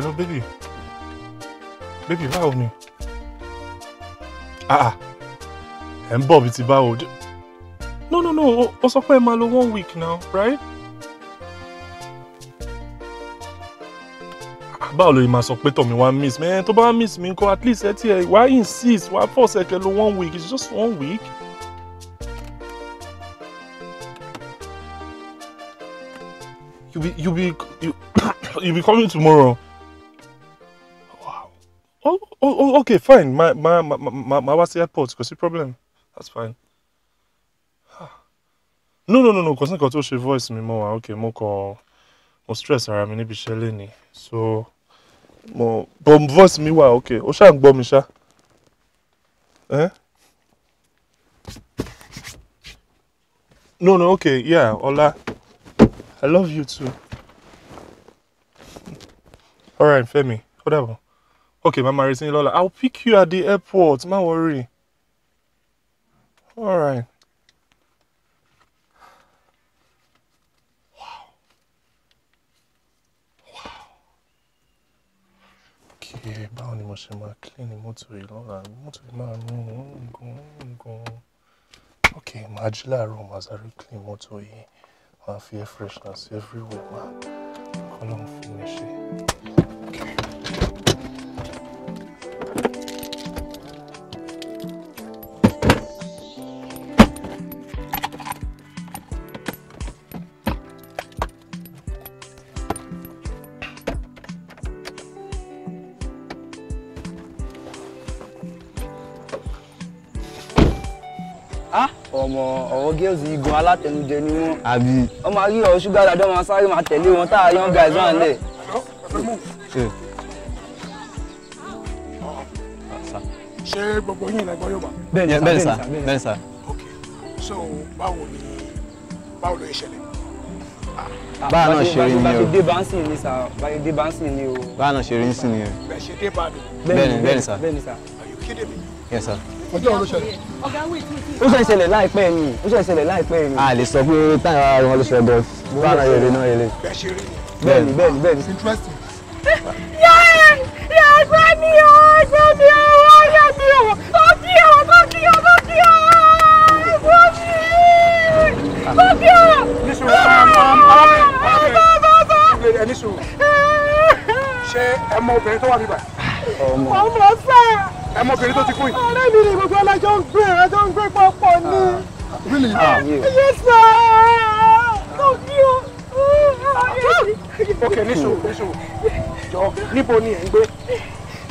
Hello, baby. Baby, how are you? ah I'm ah. ń bọ̀ bí ti no no no ó sọ pé ẹ máa lo one week now right ah, báwo ló yẹ máa sọ pé tọ̀mí wá miss mẹ́ẹ̀ tó bá miss mi nǹkan at least ẹ tiẹ̀ wá insist wá force ẹ̀kẹ́ lo one week it's just one week. you be you be you, you be coming tomorrow. okay, fine. My my my my, my was airport. Cause sí problem. That's fine. No no no no. Cause I got to ṣe voice me more. Okay, more kọ more stress I mi níbi iṣẹ́ So more bomb voice me wà okay. Osha and ń Eh? No no okay yeah Hola. I love you too. All right, Femi. Ó dàbọ̀. Okay, Mama Retini Lola, I'll pick you at the airport. Má worry. All right. Wow. Wow. Okay, báwo ni mo ṣe máa clean mọ́tò yìí lọ́la? Mọ́tò yìí máa go un gan-an gan-an. Okay, màá jí láàárọ̀ màá clean mọ́tò I feel freshness everywhere. Kọ́lọ́n fún mi ṣe. ọmọ ọ̀rọ̀ girls yìí alátẹnujẹ ni wọ́n. àbí. wọ́n máa rí ọ̀rọ̀ ṣúgà dáadáa máa sáré máa tẹ̀lé wọn tá a yan guys wà nílẹ̀. ṣé gbogbo yín ilẹ̀ gbọ́ Yorùbá. bẹ́ẹ̀ni sá bẹ́ẹ̀ni sá bẹ́ẹ̀ni sá. ok so báwo ni báwo ló ṣẹlẹ̀ ah, báà náà ṣe rí ni o báyìí dé báńsì ni sá báyìí dé báńsì ni o báà náà ṣe rí ní sí ni o bẹ́ẹ̀ ṣe dé báàdùn. bẹ́ẹ̀ni sá. are you kidding me. yes sir ọjọ́ òru ṣẹlẹ̀. ó ṣe ṣẹlẹ̀ láìpẹ́ ni ó ṣe ṣẹlẹ̀ láìpẹ́ ni. a lè sọ pé táyà ara wọn ló ṣe ọdọ fara rere náà rere. bẹ́ẹ̀ni bẹ́ẹ̀ni bẹ́ẹ̀ni. yẹ́ẹ̀ yẹ́ ẹgbẹ́ mi o ẹgbẹ́ mi o ẹgbẹ́ mi o ó kí o ó kí o ó kí o ẹgbẹ́ mi ó kí o. nísòwò ẹni sòwò ṣé ẹ mọ obìnrin tó wà níbà. ọmọ ọmọ fẹ́ẹ́ ẹ mọ obìnrin tó ti kú yìí. ọ̀rẹ́ mi ni gbogbo ọlọ́jọ́ ń gbé ọjọ́ ń gbé pọ̀pọ̀ ni. Ah, really ah. ah yes sir kò bí o. ok níṣù níṣù jọ níbo ni ẹ ń gbé.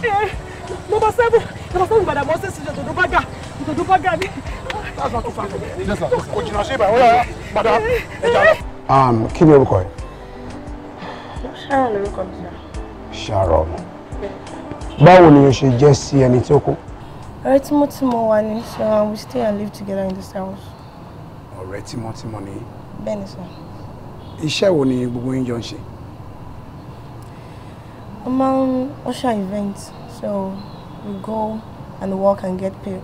Eh, nọ́mbà seven nọ́mbà seven gbàdá mọ sí ìṣẹ̀lẹ̀ òdòdó bága òdòdó bága ni. that's not too far yes sir kò jìnnà sí ibà ó yà padà eh, ẹja lọ. Eh. Um, kí ni orúkọ ẹ. Sharon lorúkọ mi sá. Sharon báwo ni o ṣe jẹ́ sí ẹni tí ó kú. ọ̀rẹ́ tímọ́tímọ́ wa ni so uh, we stay and live together in this house. ọ̀rẹ́ tímọ́tímọ́ ni. bẹ́ẹ̀ ni sọ. iṣẹ́ wo ni gbogbo yín jọ ń ṣe. a máa ń usher event so we go and work and get paid.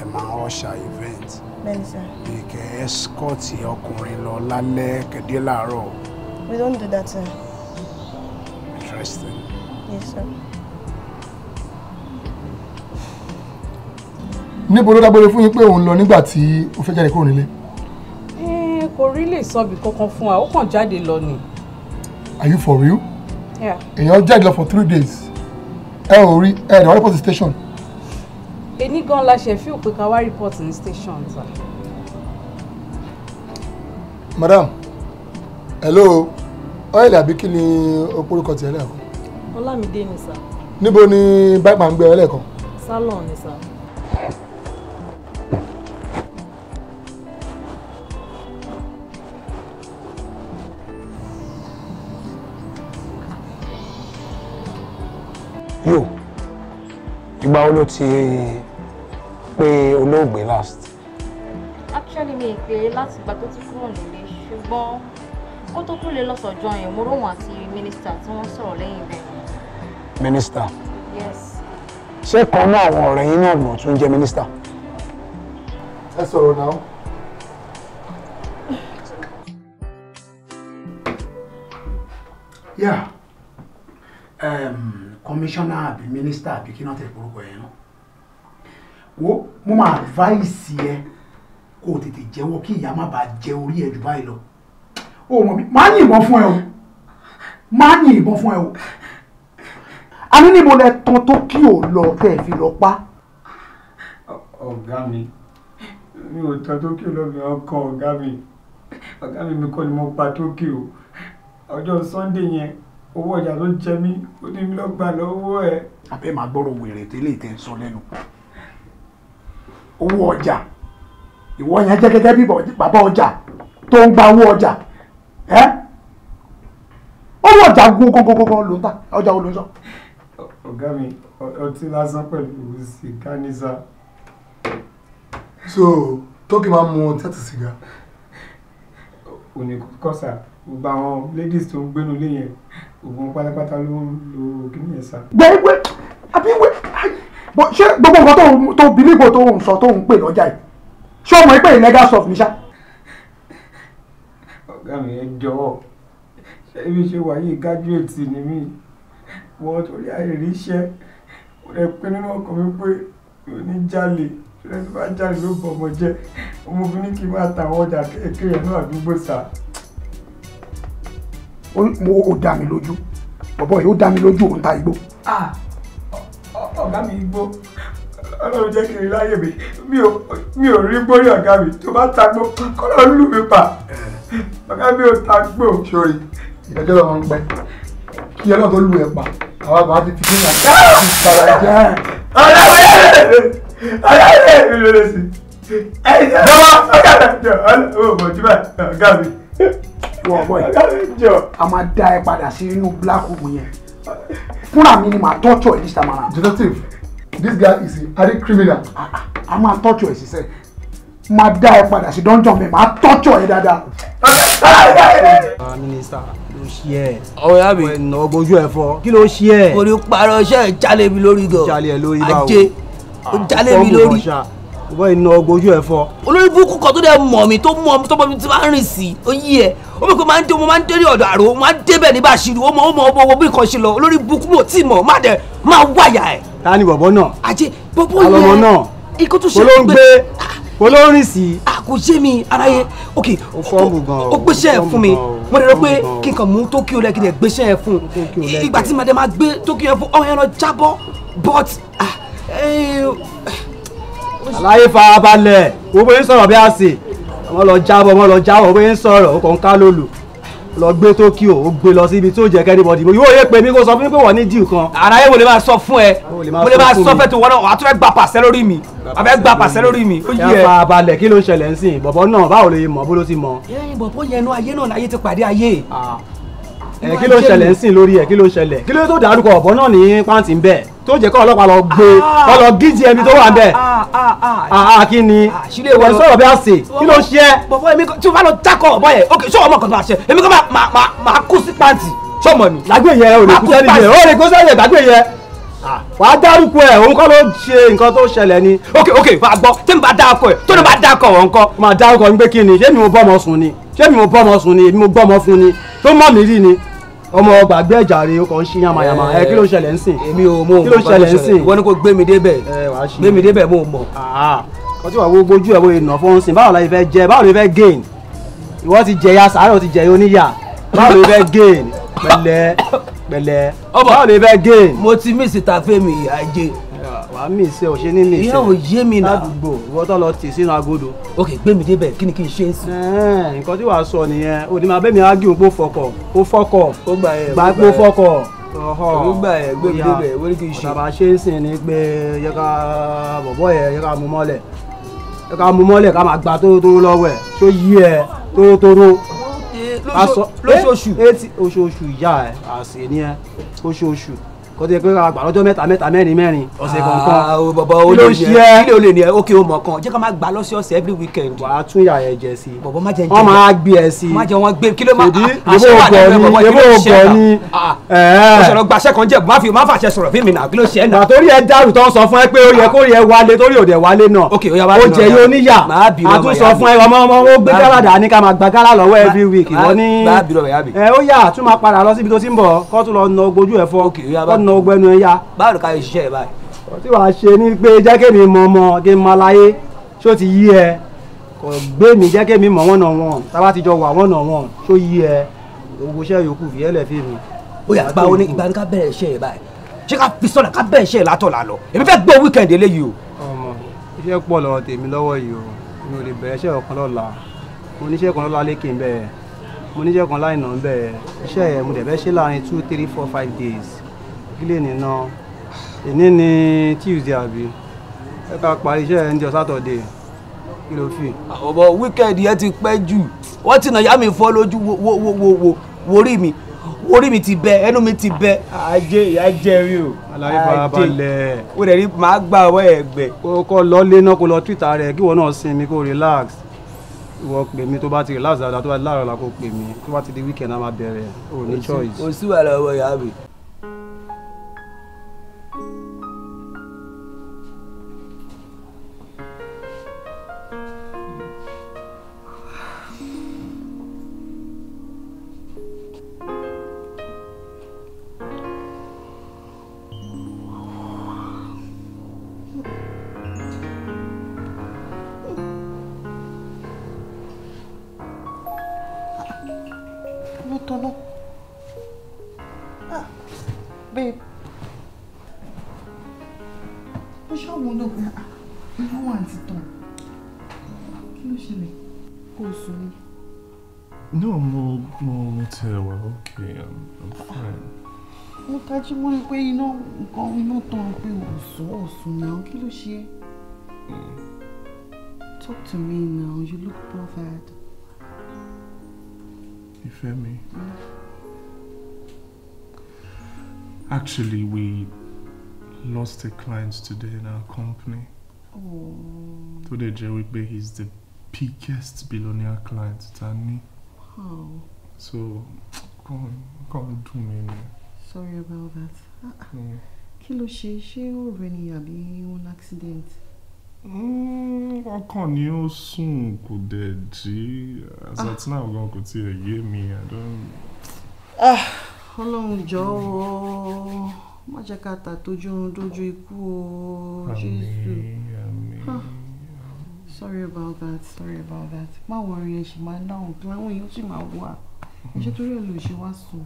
ẹ máa ń usher event. bẹ́ẹ̀ ni sọ. bí kẹ́ escort ọkùnrin lọ lálẹ́ kẹ́dé láàárọ̀. we don't do that sir. interesting. yes sir. níbo ló dágbére fún yín pé òun lọ nígbà tí ó fẹ́ jáde kúrò nílé. ẹ kò rí lè sọ kankan fún wa ó kàn jáde lọ ni. are you for real. èèyàn jáde lọ for three days ẹ ò rí ẹ ẹ̀ dẹ̀ wá report station. èní gan la ṣe fi òpè ká wá report ní station ta. madam hello ọ́ìlì àbí kí ni orúkọ tiẹ̀ lẹ́ẹ̀kan. ọlámídé ni sà. níbo ni báyìí máa ń gbé ọ lẹ́ẹ̀kan. salon ni sà. ìgbà wo ló ti pé olóògbé last. actually mi ì pé láti ìgbà tó ti kúrò nílé ṣùgbọ́n ó tó kúrò lọ́sọ̀jọ́ yẹn mo róhùn àti mínísítà tí wọ́n sọ̀rọ̀ lẹ́yìn bẹ́ẹ̀. mínísítà. yes. ṣé kan náà àwọn ọ̀rẹ́ yín náà lò tún jẹ́ mínísítà. ẹ sọ̀rọ̀ náà. yeah. Um, kọmíṣánná àbí mínísítà àbí kí náà tẹ̀ orúkọ yẹn náà wo mo máa advice yẹ kó o tètè jẹ́wọ́ kí ìyá má bàa jẹ orí ẹ̀ jù báyìí lọ o mọ̀ mi máa yìnbọn fún ẹ o máa yìnbọn fún ẹ o àní níbo lẹ tán tó kí o lọ tẹ́ ẹ fi lọ pa. ọ̀gá mi mi ò tán tó kí o lọ fi ọkọ ọ̀gá mi ọ̀gá mi mi kọ́ ni mo pa tó kí o ọjọ́ Sunday yẹn owó ọjà ló ń jẹ mí ó ní mi lọ gbà lọ́wọ́ ẹ̀. abẹ́ máa gbọ́rọ̀ wèrè tẹ́lẹ̀ tẹ́ ń sọ lẹ́nu owó ọjà ìwọ yẹn jẹ́ gẹ́gẹ́ bí bàbá ọjà tó ń gba owó ọjà ẹ́ owó ọjà gún gángangangan ló ń tà ọjà wo ló ń sọ. ọ̀gá mi ọtí lásán pẹ̀lú sìgá nísà. so tókì máa ń mu ọtí àti sìgá. òní kọ́sà gbogbo àwọn ladies tó ń gbénu lé gbogbo wọn pátápátá ló ń lo kíní yẹn sá. gbẹ̀gbẹ̀ àbí wẹ̀ ṣé gbogbo nǹkan tó bìlíbò tó ń sọ tó ń pè lọ́jà yìí ṣé ọmọ ẹ pé illegal soft ni ṣá. ọ̀gá mi ẹ jọ̀wọ́ ṣé ibi ṣe wáyé graduate ni mí wọ́n torí àìrí iṣẹ́ mo rẹ̀ pé nínú ọkàn mi pé mi ò ní jalè rẹ̀ tó bá jalè ló bọ̀ ọmọ jẹ́ ọmọbìnrin kì í máa ta àwọn ọjà kéékèèyàn náà àdúgbò sáà mo ò dá mi lójú bọ̀bọ̀ yìí ó dá mi lójú òun ta igbó. ọ̀gá mi igbó ọlọ́run jẹ́ kiri láyè mi mi ò rí gbórí ọ̀gá mi tó bá tagbó kọ́lọ́ lù mí pa ọ̀gá mi ò tagbó. sori ìdájọ́ lọ́wọ́ ń pẹ́ kí ọlọ́run tó lù ẹ̀ pa àwọn àbá ti fi kí nà ti sara jẹ́. ọlọ́run ọlọ́run mi ló lè sè é. ẹ jẹ́ ọlọ́run ọ̀gá mi ọ̀gá mi wọ ọbọ yìí a máa dá ẹ padà sí inú black hole yẹn fúnra mi ni màá tọ́jú ẹ this time around. detective this guy is a hardened criminal. a máa tọ́jú ẹ sísẹ́ máa dá ẹ padà sí dungeon mi máa tọ́jú ẹ dáadáa. Ah, minister ló ṣí ẹ. ọwọ́ yà mí. ọ̀nà ojú ẹ fọ. kí ló ṣí oh, ẹ. orí parọ́ ṣe é jálẹ̀ mi lórí gan. jálẹ̀ lórí báwo. ajé ó mi ah, lórí bọ́ iná ọgbọ ojú ẹ fọ. olórí burúkú kan tó dẹ mọ̀ mi tó mọ̀ tó mọ̀ mi ti máa rìn sí ó yí ẹ ó mọ̀ pé máa ń dé mo máa ń dé ní ọ̀dọ̀ àrò máa ń débẹ̀ ní bàṣírí ó mọ̀ ó mọ̀ ó mọ̀ bí nǹkan ṣe lọ olórí burúkú mò tí mọ̀ má dẹ̀ máa wáyà ẹ̀. ta ni bọ̀bọ̀ náà. àjẹ bọ̀bọ̀ yẹn alọmọ náà ikú tó ṣe pé olórin sí. a kò yé mi aráyé ok o gbéṣẹ́ ẹ̀ fún mi mo rẹ̀ pé kí n kàn mú Tokyo lẹ́kì but. Ah, eh, aláyé farabalẹ̀ wo bóyá sọ̀rọ̀ bí a sè ọmọ lọ jábọ̀ ọmọ lọ jábọ̀ bóyá sọ̀rọ̀ ó kàn ń ká lólu lọ gbé tókíò ó gbé lọ síbi tó jẹ́ kẹ́ni bọ̀dì yóò yé pé mi kò sọ fún mi pé wọ́n ní díù kan. àlàyé wo lè máa sọ fún ẹ mo lè máa sọ fẹ́ tó wọ́n náà àtúwẹ́ gba pàṣẹ lórí mi àbẹ́ gba pàṣẹ lórí mi. ẹ farabalẹ̀ kí ló ń ṣẹlẹ̀ ń sìn bọ̀bọ̀ náà báwo lè mọ̀ bó ló ti mọ̀. ẹ bọ̀bọ̀ yẹn náà ayé náà láyé ti pàdé ayé. Ah ẹ kí ló ń ṣẹlẹ̀ ń sìn lórí ẹ kí ló ń ṣẹlẹ̀ kí ló tó dárúkọ ọ̀bọ náà ní pàǹtí ń bẹ̀ tó jẹ́ kọ́ ọlọ́pàá lọ gbé kọ́ lọ gíjì ẹni tó wà ń bẹ̀ àà ah, ah, ah, kí ni ìwọ ń sọ̀rọ̀ bí a sè kí ló ń ṣe ẹ́. bọ̀bọ̀ èmi tí o bá lọ jákọ̀ ọ̀bọ yẹn ok ṣé ọmọ kan tó bá ṣe èmi kan máa kú sí pàǹtí ṣọmọ ni. lágbè yẹn o dárúkọ ẹ òun kọ́ ló ṣe nǹkan tó ṣẹlẹ̀ ni. ok ok wàá gbọ́ tí mo bá dárúkọ ẹ tó ní bá dárúkọ wọn kọ́. máa dárúkọ mi pé kí ni ṣé mi mo bọ́ ọmọ sùn ni ṣé mi mo bọ́ ọmọ sùn ni èmi mo gbọ́ ọmọ fún ni tó mọ̀ mí rí ni ọmọ gbàgbé ẹ̀jà rẹ o kàn ń ṣe yamayama ẹ kí ló ń ṣẹlẹ̀ ńsìn. èmi ò mọ̀ kí ló ń ṣẹlẹ̀ ńsìn. wọ́n ní kó gbé mi débẹ̀ gbé mi débẹ̀ mo mọ̀. kọtí wàá wo gbójú ẹ̀ wo ìnà fún un sìn báwo la ìfẹ́ jẹ báwo la ìfẹ́ gain ìwọ ti jẹya sàárẹ̀ ti jẹya oníyà báwo la ìfẹ́ gain pẹ̀lẹ́ pẹ̀lẹ́ báwo la ìfẹ́ gain. mo ti mí ìsìtàfẹ́ mi àjẹ wà á mí ìṣe òṣè ní mí ìṣe. ìyá ò yé mi náà. ládùúgbò ìwọ tó lọ tì sínú agodo. ok gbé mi débẹ̀ kí ni kí n ṣe é sí. nǹkan tí wàá sọ nìyẹn òní máa bẹ́ẹ̀ mi ágì òpó fọkọ̀ ó fọkọ̀ gbà pé ó fọkọ̀ ọ̀hún gbà ẹ̀ gbé mi débẹ̀ wọ́n ní kí n ṣe. bàbá ṣe é sìn ni pé yẹ ká bọ̀bọ̀ yẹ yẹ ká mú mọ́lẹ̀ yẹ ká mú mọ́lẹ̀ ká máa gba tórótóró lọ́wọ́ ẹ̀ tó yí ẹ tórótóró lóṣooṣù eh, oṣooṣù ìyá ẹ àṣẹ ni ẹ oṣooṣù kó tó yẹ pé ká ah, gbà lọ́jọ́ mẹ́ta mẹ́ta mẹ́rin mẹ́rin ọ̀sẹ̀ kọ̀ọ̀kan bọ̀bọ̀ ó lè yẹ kí ló lè ní ẹ ókè ó mọ̀ kan jẹ́ ká máa gbà lọ́sọ̀ọ̀sẹ̀ every weekend. wà á tún yà ẹ jẹ sí. bọ̀bọ̀ má jẹ jẹ wọ́n máa gbé ẹ sí. má jẹ wọn gbé kí ló máa àṣẹ ah, wà lẹ́nu ẹ̀ bọ̀bọ̀ kí ló ṣe ẹ̀ náà. ọ̀sẹ̀ lọ gbàṣẹ́ kan jẹ́ má fi má fàṣẹ sọ̀rọ̀ fún mi náà kí ló ṣe ẹ̀ náà. torí ẹ dàrú tó ń sọ fún ẹ pé ó yẹ kó yẹ wálé torí òde wálé náà. ok ó yà wá lónìí. ó jẹ yóò níyà àtúnṣọ fún ẹ ọmọ ọmọ ó gbé gáràdà ní ká máa gba gárà lọ́wọ́ every week ìwọ ní. ẹ ó yà tún máa padà lọ síbi tó ti ń bọ̀ kó tún lọ nà ogójú ẹ̀ fọ́ kó n náà gbẹnu ẹ yá. báwo ló ká yóò ṣiṣẹ́ ẹ báyìí. ọtí wàá ṣe ni pé jẹ́ kémi mọ ọmọ kí n máa láyé ṣó ti yí ẹ kò gbé mi jẹ́ kémi mọ̀ wọ́n náà wọ̀n tábà ti jọ wà wọ́n náà wọ̀n ṣó yí ẹ owó iṣẹ́ yòókù fi ẹ lẹ̀ fi mi. ó yá gba oní ìgbà ni ká bẹ̀rẹ̀ iṣẹ́ ẹ báyìí ṣé ká fi sọ́nà ká bẹ̀rẹ̀ iṣẹ́ látọ̀ lálọ́ èmi fẹ́ gbọ́ wíkẹ̀ndì eléyìí o. ọmọ iṣẹ́ mo níṣẹ́ kan láìnà ń bẹ̀rẹ̀ iṣẹ́ yẹn mo dẹ̀ fẹ́ ṣe láàrin two three four five days kílẹ̀ nìna èní ni tuesday àbí ẹ ká parí iṣẹ́ ẹ̀ ń jọ saturday kí ló fi. ọ̀bọ̀ wíkẹ́ẹ̀dì ẹ ti pẹ́ jù wọ́n ti nà yá mi fọ́ lójú wo wo wo wo mi orí mi ti bẹ ẹnu mi ti bẹ. ajé ìyá jẹrí o. aláyé farabalẹ̀. o rẹ̀ ní màá gbà ọwọ́ ẹ̀ gbẹ. kó kọ́ lọ lé náà kó lọ twitter rẹ̀ kí ìwọ náà sinmi kó relax ìwọ pè mí tó bá ti relax dáadáa tó bá ti láàárọ̀ la kó pè mí tó bá ti di weekend náà máa bẹ̀rẹ̀ o ní choice. o sì wà lọ́wọ́ ìyá mi Talk to me now you look bothered. You mi. Mm. Actually, we lost a client today in our company. Oh. Today, Jerry Bay is the biggest billionaire client, Tani. Wow. So, come, come do me. now. Sorry about that. Mm. kí ló ṣe ṣé ó rẹ̀ ni àbí wọn accident. Hmm, ọkàn ni ó sùn kò dẹ̀ jí azatina ah. ọgbọ́n kò tiẹ̀ yé mi ah, ọlọ́run jọ̀ọ́ má jẹ́ ká ta tójú oorun dójú ikú o jésù ah, sorry about that sorry about that má wọrí ẹ ṣì máa dáhùn tó àwọn èèyàn sì máa wà ẹ ṣe torí ẹ lò ṣe wá sùn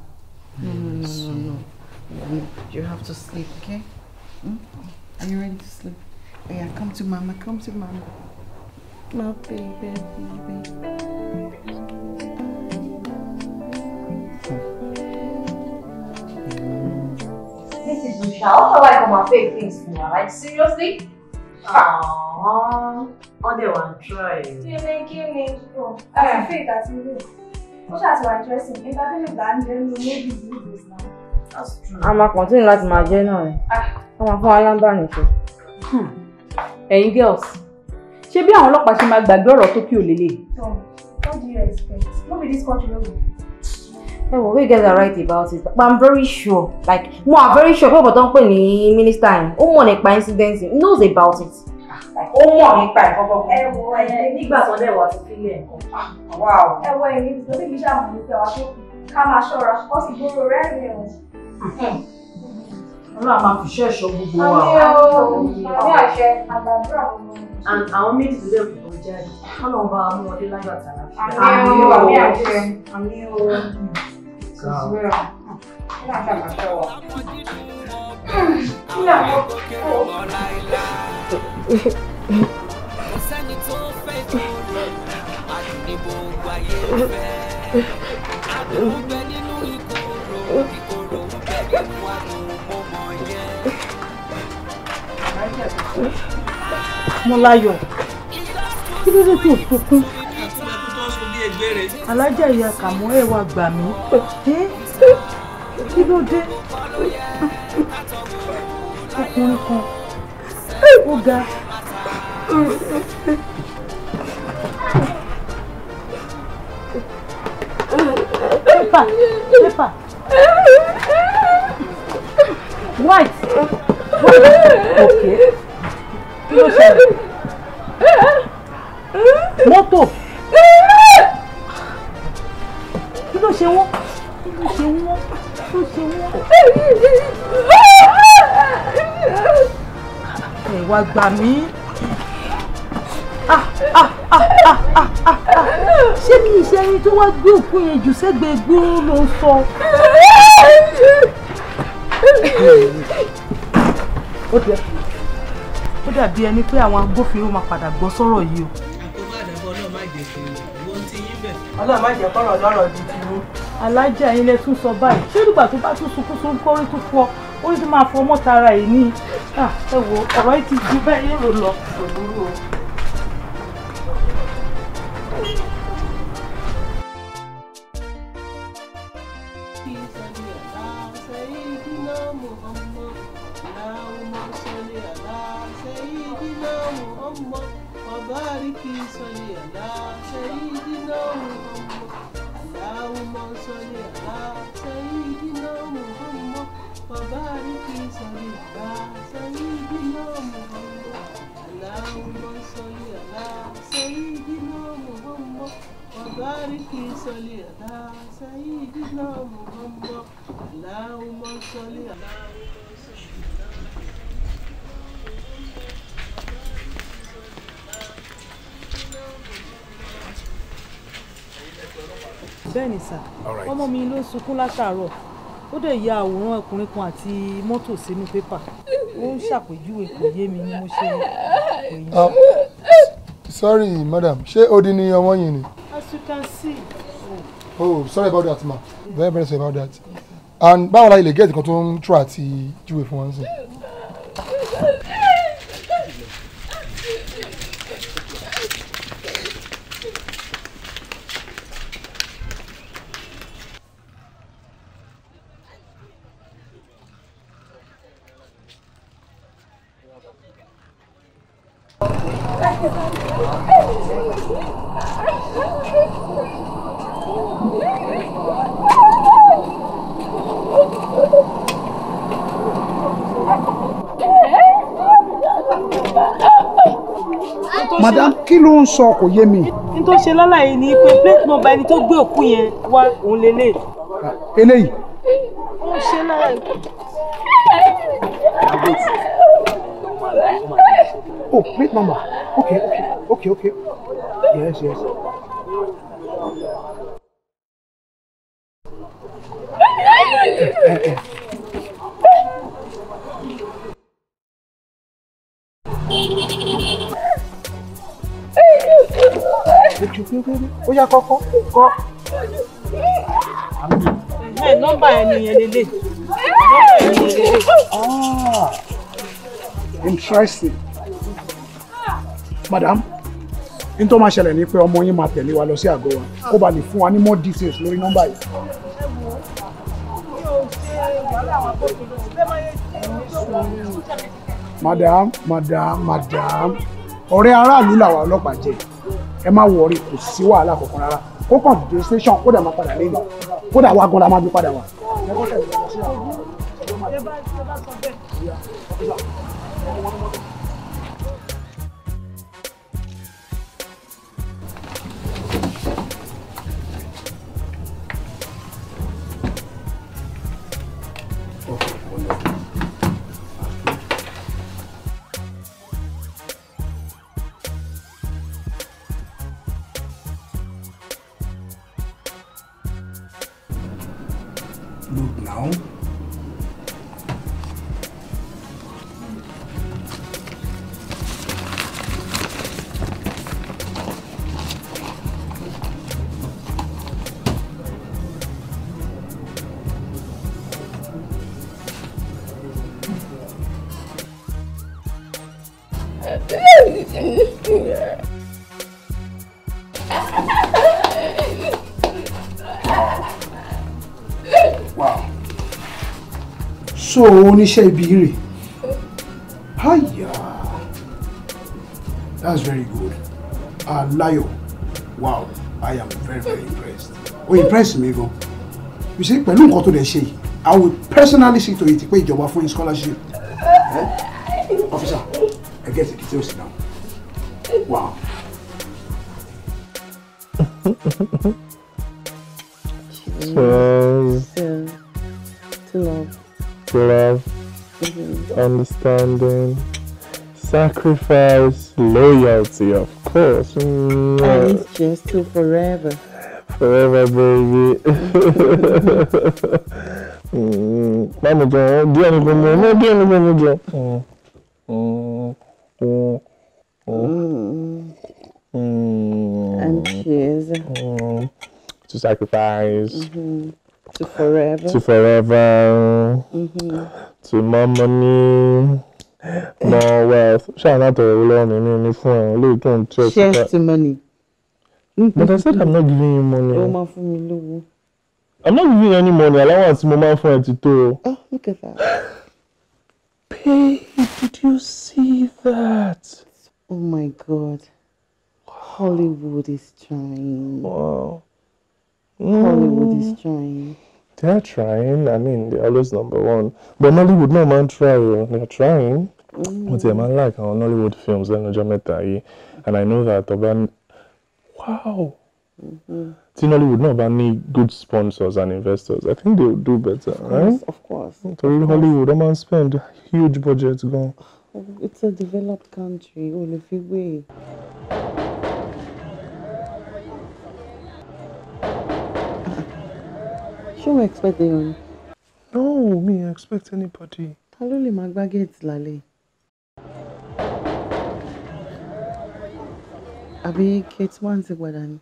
no no no no. no you have to sleep, okay? Hmm? Are you ready to sleep? Oh, yeah, come to mama, come to mama. My baby, baby. is Lucia, how do I my and things now? Like, seriously? Aww. All they want to try. You're making me strong. I feel that you do. What has my dressing? If I didn't land, then you may be this now a máa kọ̀ntínú láti máa jẹ́ náà ni wọ́n ah. máa fún wa lámbà nìṣó. Hmm. ẹ̀yin girls ṣé bí àwọn ọlọ́pàá ṣe máa gbàgbé ọ̀rọ̀ tó kí ò lélẹ̀. what do you expect no be this country wey we. ẹ wò wey get the right about it but i'm very sure like mo are very sure pé ọ̀bọ̀ tó ń pè ní mínísítà yẹn ó mọ̀ nípa incident he knows about it. Ah, ó mọ̀ nípa ìkọ́kọ́ kan. ẹ wo ẹ nígbà tó dẹ̀ wà sí sílẹ̀ nǹkan. Ah, ẹ wo ẹ̀yin nítorí mi ṣàmùlò pé àwa tó ká máa ṣọ́ra kó sì gbóró rẹ́rìn-ín ọlọ́run máa fi iṣẹ́ ẹ̀ṣọ́ gbogbo wa. àmì àṣẹ àgbàdúrà gbogbo. àwọn méjì tó lẹ́kùn tó jáde ọlọ́run bá mú wọlé láyọ̀ àtàlà. àmì o àmì àṣẹ àmì o ìṣúra kí ni àṣà máa wa. kí ni àwọn kò sẹ́ni Mọ́láyọ̀ kí ló dé tó sunkún. alájà ìyá kàmú ẹ wá gbà mí kí ló dé ọkùnrin kan ó ga pépà pépà white okay kí ló ṣẹlẹ̀ mọ́tò kí ló ṣe wọ́n kí ló ẹ wá gbà mí ah, ah, ah, ṣé kí ìṣẹ́ni tó wá gbé òkú yẹn jù sẹ́gbẹ̀ẹ́ gbó ló sọ ó dàbí ẹni pé àwọn agbófinró máa padà gbọ́ sọ̀rọ̀ yìí o. àkókò àdàbọ̀ náà má jẹ́ kí n wọ́n ti yín bẹ̀. ọlọ́run má jẹ́ kọ́rọ̀ lọ́rọ̀ di ti mú. alájà yín lẹ tún sọ báyìí ṣé nígbà tó bá tún sunkún sun kórí tún fọ orí tún máa fọ ọmọ tara ẹ̀ ní. Ah, ẹ wo ọ̀rọ̀ yìí ti ju bẹ́ẹ̀ yóò lọ òwúrò o. سيد الله محمد اللهم صل على bẹ́ẹ̀ni sà ọmọ mi ló sunkún látàárọ̀ ó dẹ̀ ya àwòrán ọkùnrin kan àti mọ́tò sínú pépà ó ń ṣàpèjúwe kò yé mi ni mo ṣe pè yín. Ah, sorry madam ṣé odi ni ọmọ yìí ni. as you can see oh sorry about that ma very very sorry about that and báwo la ilé gẹ́ẹ̀tì kan tó ń tú àti júwe fún wọn sí. ló ń sọ kò yé mi. n tó ṣe lọ́la yìí ni pé plate number ẹni tó gbé òkú yẹn wá òun lélẹ̀. eléyìí. ó ṣe lára ìkú. oh plate number okay okay okay okay yes yes. ó yá kọ́kọ́ kọ́. bẹ́ẹ̀ nọ́mbà ẹ̀ nìyẹn lélẹ̀ nọ́mbà ẹ̀ nìyẹn lélẹ̀. Ah, interesting madam n tó máa ṣẹlẹ̀ ni pé ọmọ yín máa tẹ̀lé wa lọ sí àgọ́ wa kó ba lè fún wa ní more details lórí nọ́mbà yìí. madam madam madam ọ̀rẹ́ aráàlú làwa ọlọ́pàá jẹ́ ẹ má wọrí kò sí wàhálà kankan rárá kó kàn dé station kó dà má padà lẹ́yìn kó dà wá gan la má gbé padà wá. so oníṣẹ́ ibi rè hiya that's very good alayo uh, wow i am very very impressed o impress me, gan you see pẹ̀lú nǹkan tó dẹ̀ ṣe yìí i will personally see to it pé ìjọba fún scholarship eh? officer i get the details now. understanding, sacrifice, loyalty, of course. mm And it's just to forever. Forever, baby. Mm, Mama John, oh, do anything And cheers. Mm. To sacrifice. Mm-hmm. To forever. To forever. Mm-hmm. To my money, my wealth ṣáàlá tọ̀rọ̀ owó lọ́wọ́ mi ní ní fún ẹ̀ lórí tó ń tẹ́ ṣe ká. Mm-hmm. But I said I'm not giving you money. ó máa fún mi lówó. I'm not giving you any money allowance tí mo máa ń fún ẹ ti tó o. oh look at that. babe did you see that. oh my god Hollywood is trying. wow. Mm. Hollywood is trying. They are trying. I mean, they're always number one. But Nollywood no man try o. They are trying. Mm. Mo tiẹ̀ máa ń like àwọn Nollywood films lẹ́nu ọjọ́ mẹ́ta yìí. And I know that ọba wow. See mm-hmm. Nollywood no bá ní good sponsors and investors, I think they would do better, of course, right? Of course. Torí Hollywood, wọ́n máa ń spend huge budget go. It's a developed country, olùfiwé. ṣé o expect èèyàn ni. no me expect anybody. ta ló lè máa gbá gẹ̀ẹ́tì lálẹ́ yìí. àbí kate wá ń ti padà ni.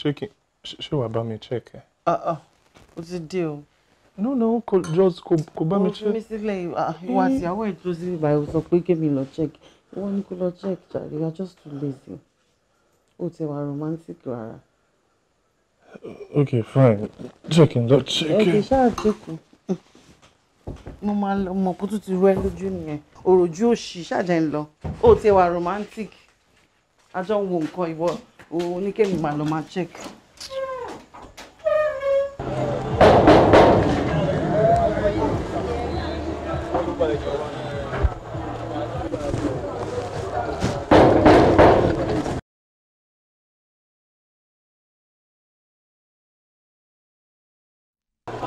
ṣé kí ṣé wàá bá mi check ẹ. Ah, ah, o ti dé o. no no kò just kò kò bá mi check. o fi mi sílẹ̀ ah, ìwà àtìyàwó ẹ̀ tó sí ibà ẹ̀ sọ pé kémi lọ check wọ́n ní kó lọ check jàre you are just too lazy ó ti wà romantic rárá. ok fine chicken lọ chicken. ẹ ti ṣáà chicken mo máa lọ mọ̀ kó tún ti rú ẹ lójú nìyẹn òròjú òṣì ṣàjẹ́ ń lọ ó ti wà romantic a jọ ń wo nǹkan ìwọ oníkèmí màá lọ máa check.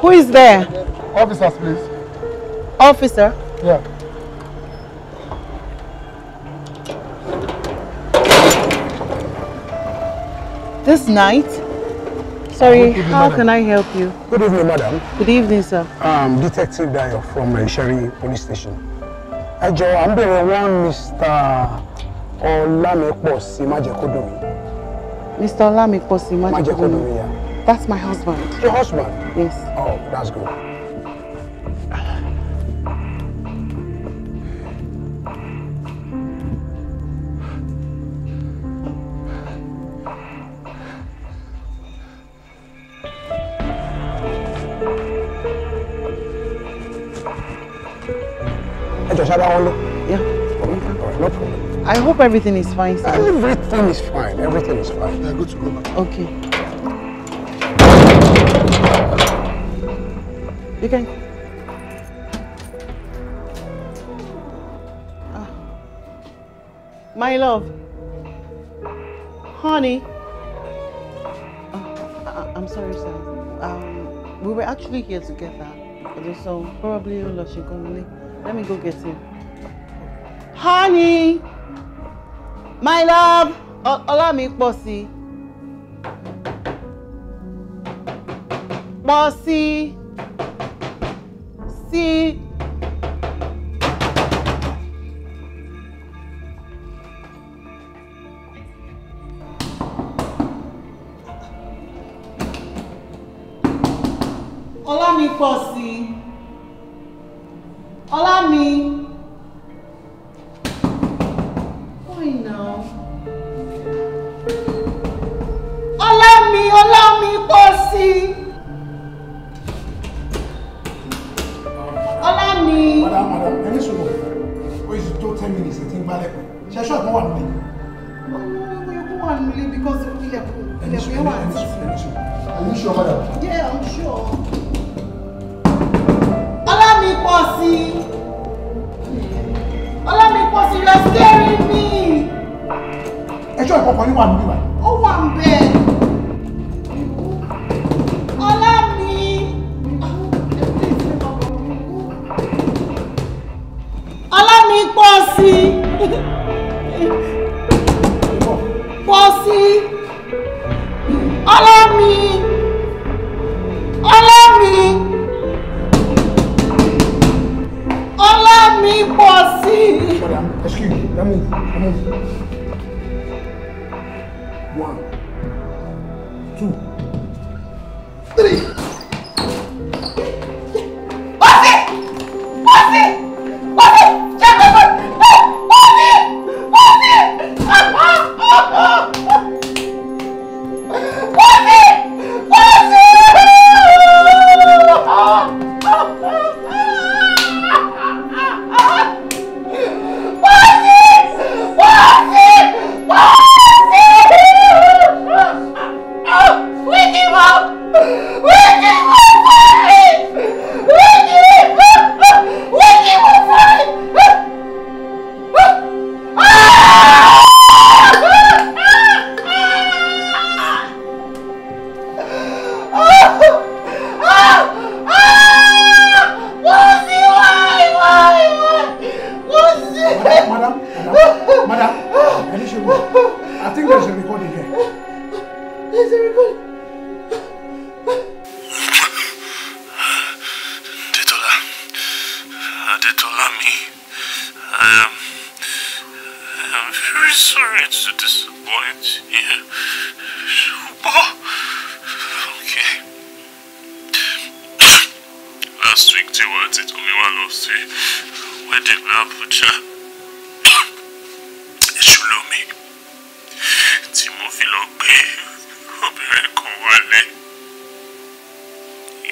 Who is there? Officers, please. Officer? Yeah. This night? Sorry, evening, how madam. can I help you? Good evening, madam. Good evening, sir. Um, Detective Dayo from uh, Sherry Police Station. Ẹ jọ̀ọ́, à ń bèrè one Mr. Ọlámipọ̀sí Májẹ̀kódùnmí. Mr. Ọlámipọ̀sí Májẹ̀kódùnmí. Májẹ̀kódùnmí, yeah. That's my husband. Your husband? Yes. Oh, that's good. I hope everything is fine, sir. Everything is fine. Everything is fine. Yeah, good to go back. Okay. You can. Uh, my love. Honey. Uh, ah, ah, I, am sorry, sir. Um, we were actually here together. So probably Let me go get him. Honey! My love! Ọlá mi pọ̀ sí. D。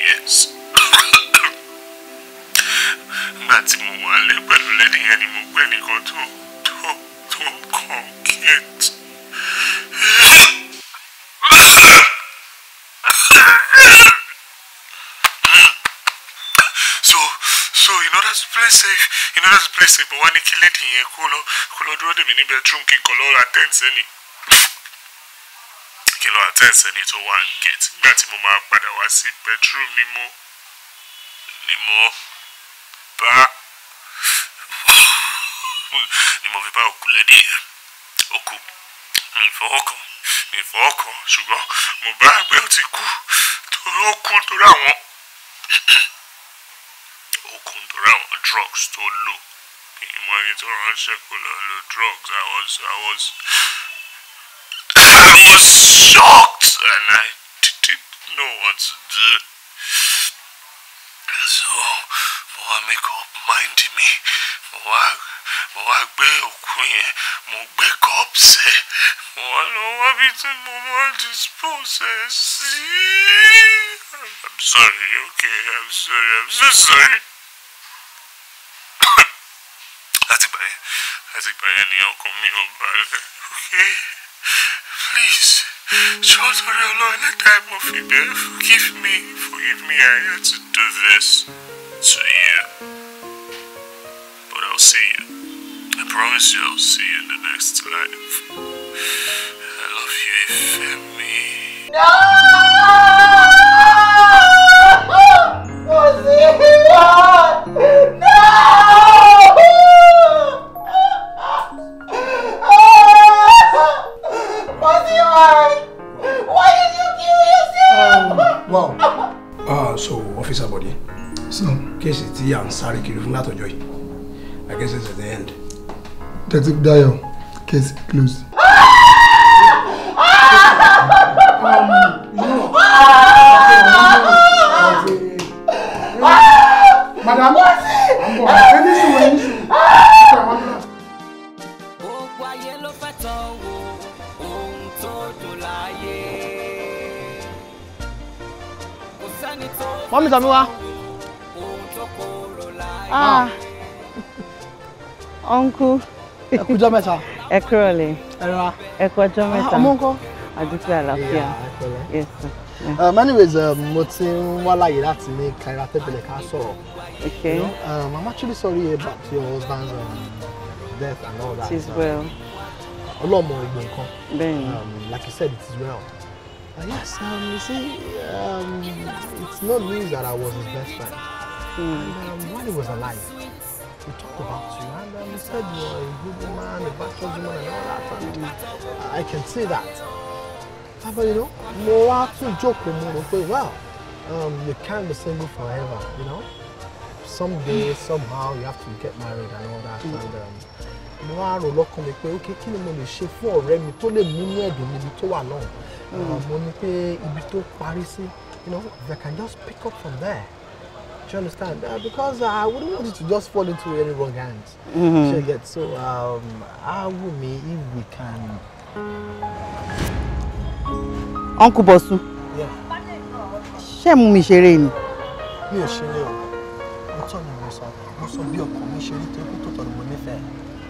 years nígbà tí mo wà lé pẹ̀lú lẹ́dí yẹn ni mo gbé nìkan tó tó tó so so in order to play safe in order to play safe but when ní kí lẹ́dí yẹn kó lọ kó lọ dúró dèmí ní bedroom kí n kàn lọ́ọ́ any lọ àtẹ́ǹsì ẹni tó wà ní gate nígbà tí mo máa padà wá sí bedroom ni mo ni mo bá ni mo fi bá òkú lédè òkú mi ìfọwọ́kàn mi ìfọwọ́kàn ṣùgbọ́n mo bá àgbẹ̀ ti kú torí ó kú torí àwọn ó torí àwọn drugs tó lò ìmọ̀ ẹni tó ránṣẹ́ kó lọ lo drugs I was shocked and I didn't know what to do. So, mo wá make up mind mi, mo wá mo wá gbé òkú yẹn, mo gbé cups ẹ̀, mo wá lọ wá bí tí mo sí. I'm sorry, okay, I'm sorry, I'm so sorry. láti gbà yẹn láti gbà yẹn ni ọkàn mi ò balẹ̀ okay. Please, shout for your Lord in time of rebel. Forgive me, forgive me. I had to do this to you. But I'll see you. I promise you, I'll see you in the next life. I love you, Femi. No! Oh, no! kéèsì tí à ń sáré kiri fún látọjọ́ yìí I guess it's at the end. Detective Dayo case closed. Madam, ẹni sùn ẹni sùn. Gbogbo ayé ló fẹ́ tán wo ohun tó dùn láyé. Kò sẹ́ni tó. Mọ́mí Sàmíwá ọ̀nkú. Ah. Ah. ẹ kú ọjọ́ mẹ́ta. ẹ kúrò lè. ẹ rà. ẹ kú ọjọ́ ah, mẹ́ta. ọmọ nǹkan. àdúgbò àlàáfíà. yes sir. Um, anyways, um, mo ti ń wá láyè láti ní Kaira Pepele ká sọ̀rọ̀. Okay. You know, um, I'm actually sorry about your husband's um, death and all that. She's um, well. Ọlọ́mọ ìgbìn kan. Bẹ́ẹ̀ni. Um, like you said, it is well. Uh, yes, um, you see, um, it's no news that I was his best friend. And um, while he was alive, we talked about you and um, he said you are a good man, a virtuous woman and all that. And uh, I can say that. Ah, but you know, mo wá tún jókòó mo rò well, um, you can't be single forever, you know. Someday, somehow, you have to get married and all that. Mm. And um, mo wá rò lọ́kàn mi pé okay, kí ni mo lè ṣe fún ọ̀rẹ́ mi tó lè múnú ẹ̀dùn mi ibi tó wà náà. Hmm. Um, mo ní pé ibi tó parí sí, you know, they can just pick up from there. Do you understand? Uh, because I wouldn't want it to just fall into any wrong hands. Mm-hmm. She so. Um, how will me if we can? Uncle Bosu. Yeah. Shame mú mi ṣeré ni? Mi ò ṣeré o. Mo tọ́ ṣe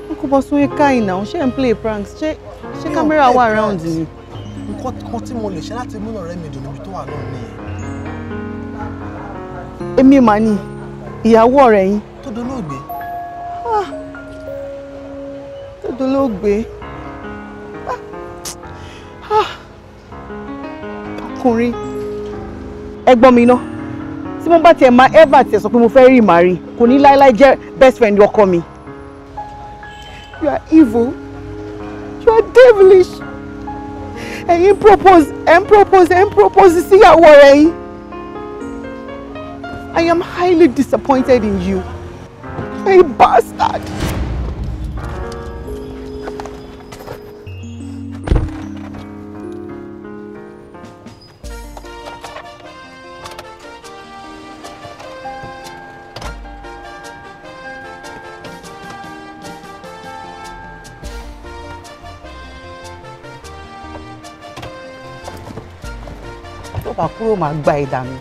Uncle Bosu ń ká ìnà òun ṣé play pranks ṣé ṣé kámẹ́rà wà round ni? Nǹkan tí mo lè ṣe láti múnà rẹ́ mi dùn níbi tó wà náà nìyẹn èmi mà ní ìyàwó ọ̀rẹ́ yín. tó dolóògbé. Ah, tó dolóògbé. Ah, ah, ọkùnrin ẹ̀gbọ́n mi náà tí mo bá tiẹ̀ máa ever tiẹ̀ sọ pé mo fẹ́ rí màrí kò ní láéláé jẹ́ best friend ọkọ mi. you are evil you are devilish ẹ̀yin propose ẹ̀ ń propose ẹ̀ ń propose síyàwó rẹ̀ yín. I am highly disappointed in you. A bastard! Tó bá kúrò máa my ìdààmú.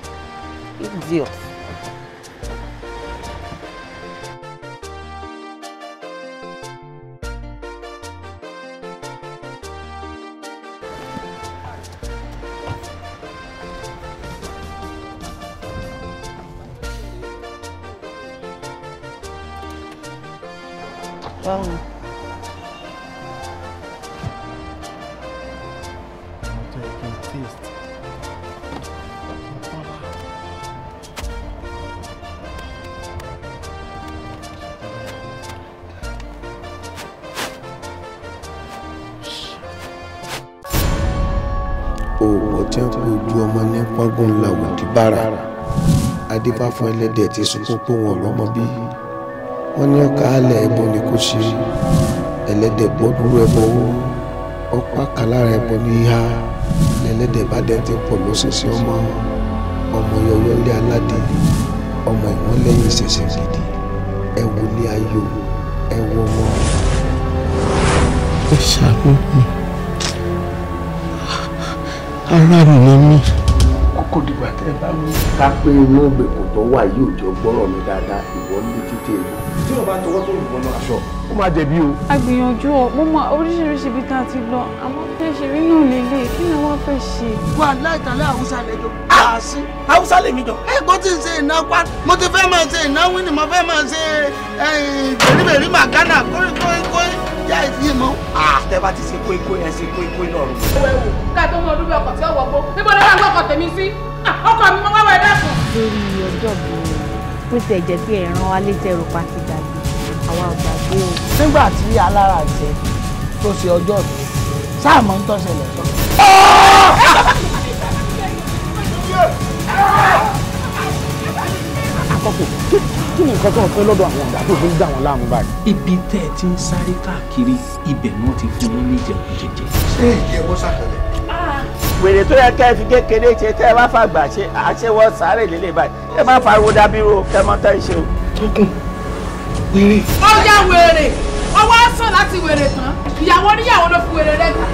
Idiot. bàrà adébáfọ ẹlẹ́dẹ̀ ti sunkún wọn lọ́mọ bí wọ́n ní ọkà alẹ̀ ẹbọ ni kò ṣe ẹlẹ́dẹ̀ bọ́ dúró ẹbọ wó ọpá kàlára ẹbọ ní ìhà lẹ́lẹ́dẹ̀ bá dẹ́ ti pọ̀ lọ́sọ̀ọ̀sẹ̀ ọmọ ọmọ yọyọlé aládé ọmọ ìwọ́n lẹ́yìn ìṣẹ̀ṣẹ̀ gidi ẹ wo ní ẹ wọ ọmọ. ẹ ṣàánú ara mi ni mí kò dìgbà tẹ́ ẹ bá wí. ká pé inú ìgbèkùn tó wà yìí ò jọ gbọ́rọ̀ mi dáadáa ìwọ ní títí èlò. tí o bá tọwọ́ tó yìnbọn lọ aṣọ ó máa jẹ̀bi o. a gbìyànjú ọ mo mọ oríṣiríṣi ibi tá a ti lọ àmọ́ bí ẹ ṣe rí náà lélẹ̀ kí ni wọ́n fẹ́ ṣe. wà láìtàlẹ́ haúsá lẹ́jọ́ àásí haúsá lèmi jọ. ẹ kò tí ì ṣe ìná pa mo ti fẹ́ máa ṣe ìnáwó ni mo fẹ́ máa ṣe bèrèbèrè màgánà kórikórikóri yá ìdíyẹ mọ́. àtẹ bá ti ṣe kóikói ẹ ṣe kóikói lọ́rùn. ẹ wò ká tó mọ ọdún bí ọkọ̀ tí ó wọ̀ ọkọ mi mo wá wá dákun. lórí ọjọ́ bí bó ti ẹ̀jẹ̀ pé ẹ̀ràn alẹ́ jẹ́ ropa ti gbàgbé àwọn àgbàgbé o. nígbà tí alára jẹ tó ṣe ọjọ́ mi sáà mọ̀ ń tọ́ṣẹlẹ̀ sọ. àkọ́kọ́ kí ni nǹkan tó ń fẹ́ lọ́dọ̀ àwọn ọ̀gá tó fi ń dà wọ́n láàmú báyìí. ibi tẹ́ ẹ ti ń sáré káàkiri ibẹ̀ ni wọ́n ti fún yín níjẹ̀kújẹ̀jẹ̀. ṣé ìjẹ́bú ṣàkàlẹ̀ wèrè tó yẹ kẹ́ fi kékeré ṣe tẹ́ ẹ bá fàgbà ṣe àṣewọ́ sáré lélẹ̀ báyìí ẹ má fariwo dábírò kẹ́ mọ́ tẹ́ ṣe o. tókùn wèrè. ọjà wèrè ọwọ́ sàn láti wèrè tán ìyàwó oníyàwó ló fi wèrè rẹ̀ gbà.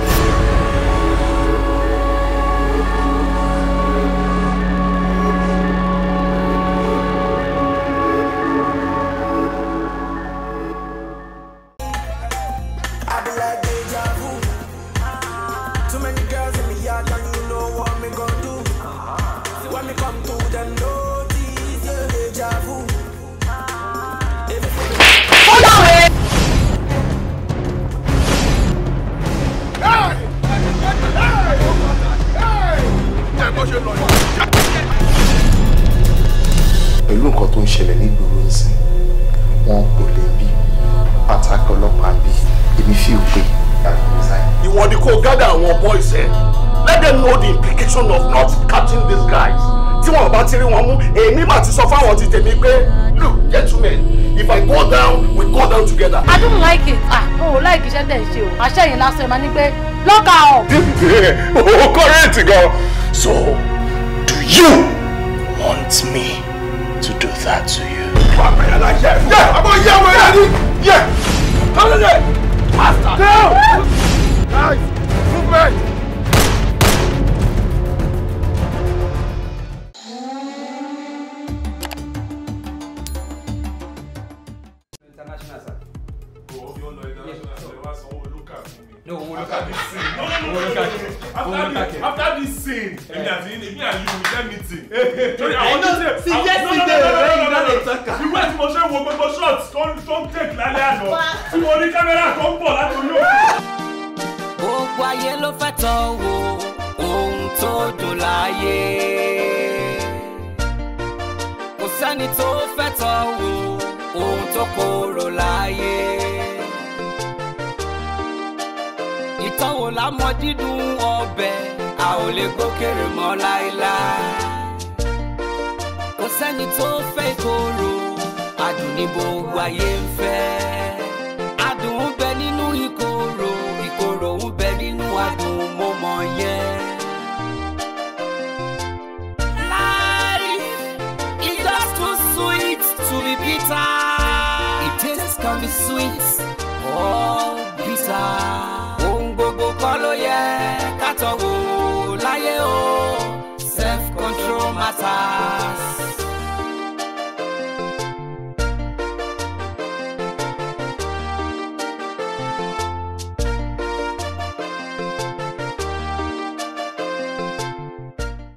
ṣe máa ní pé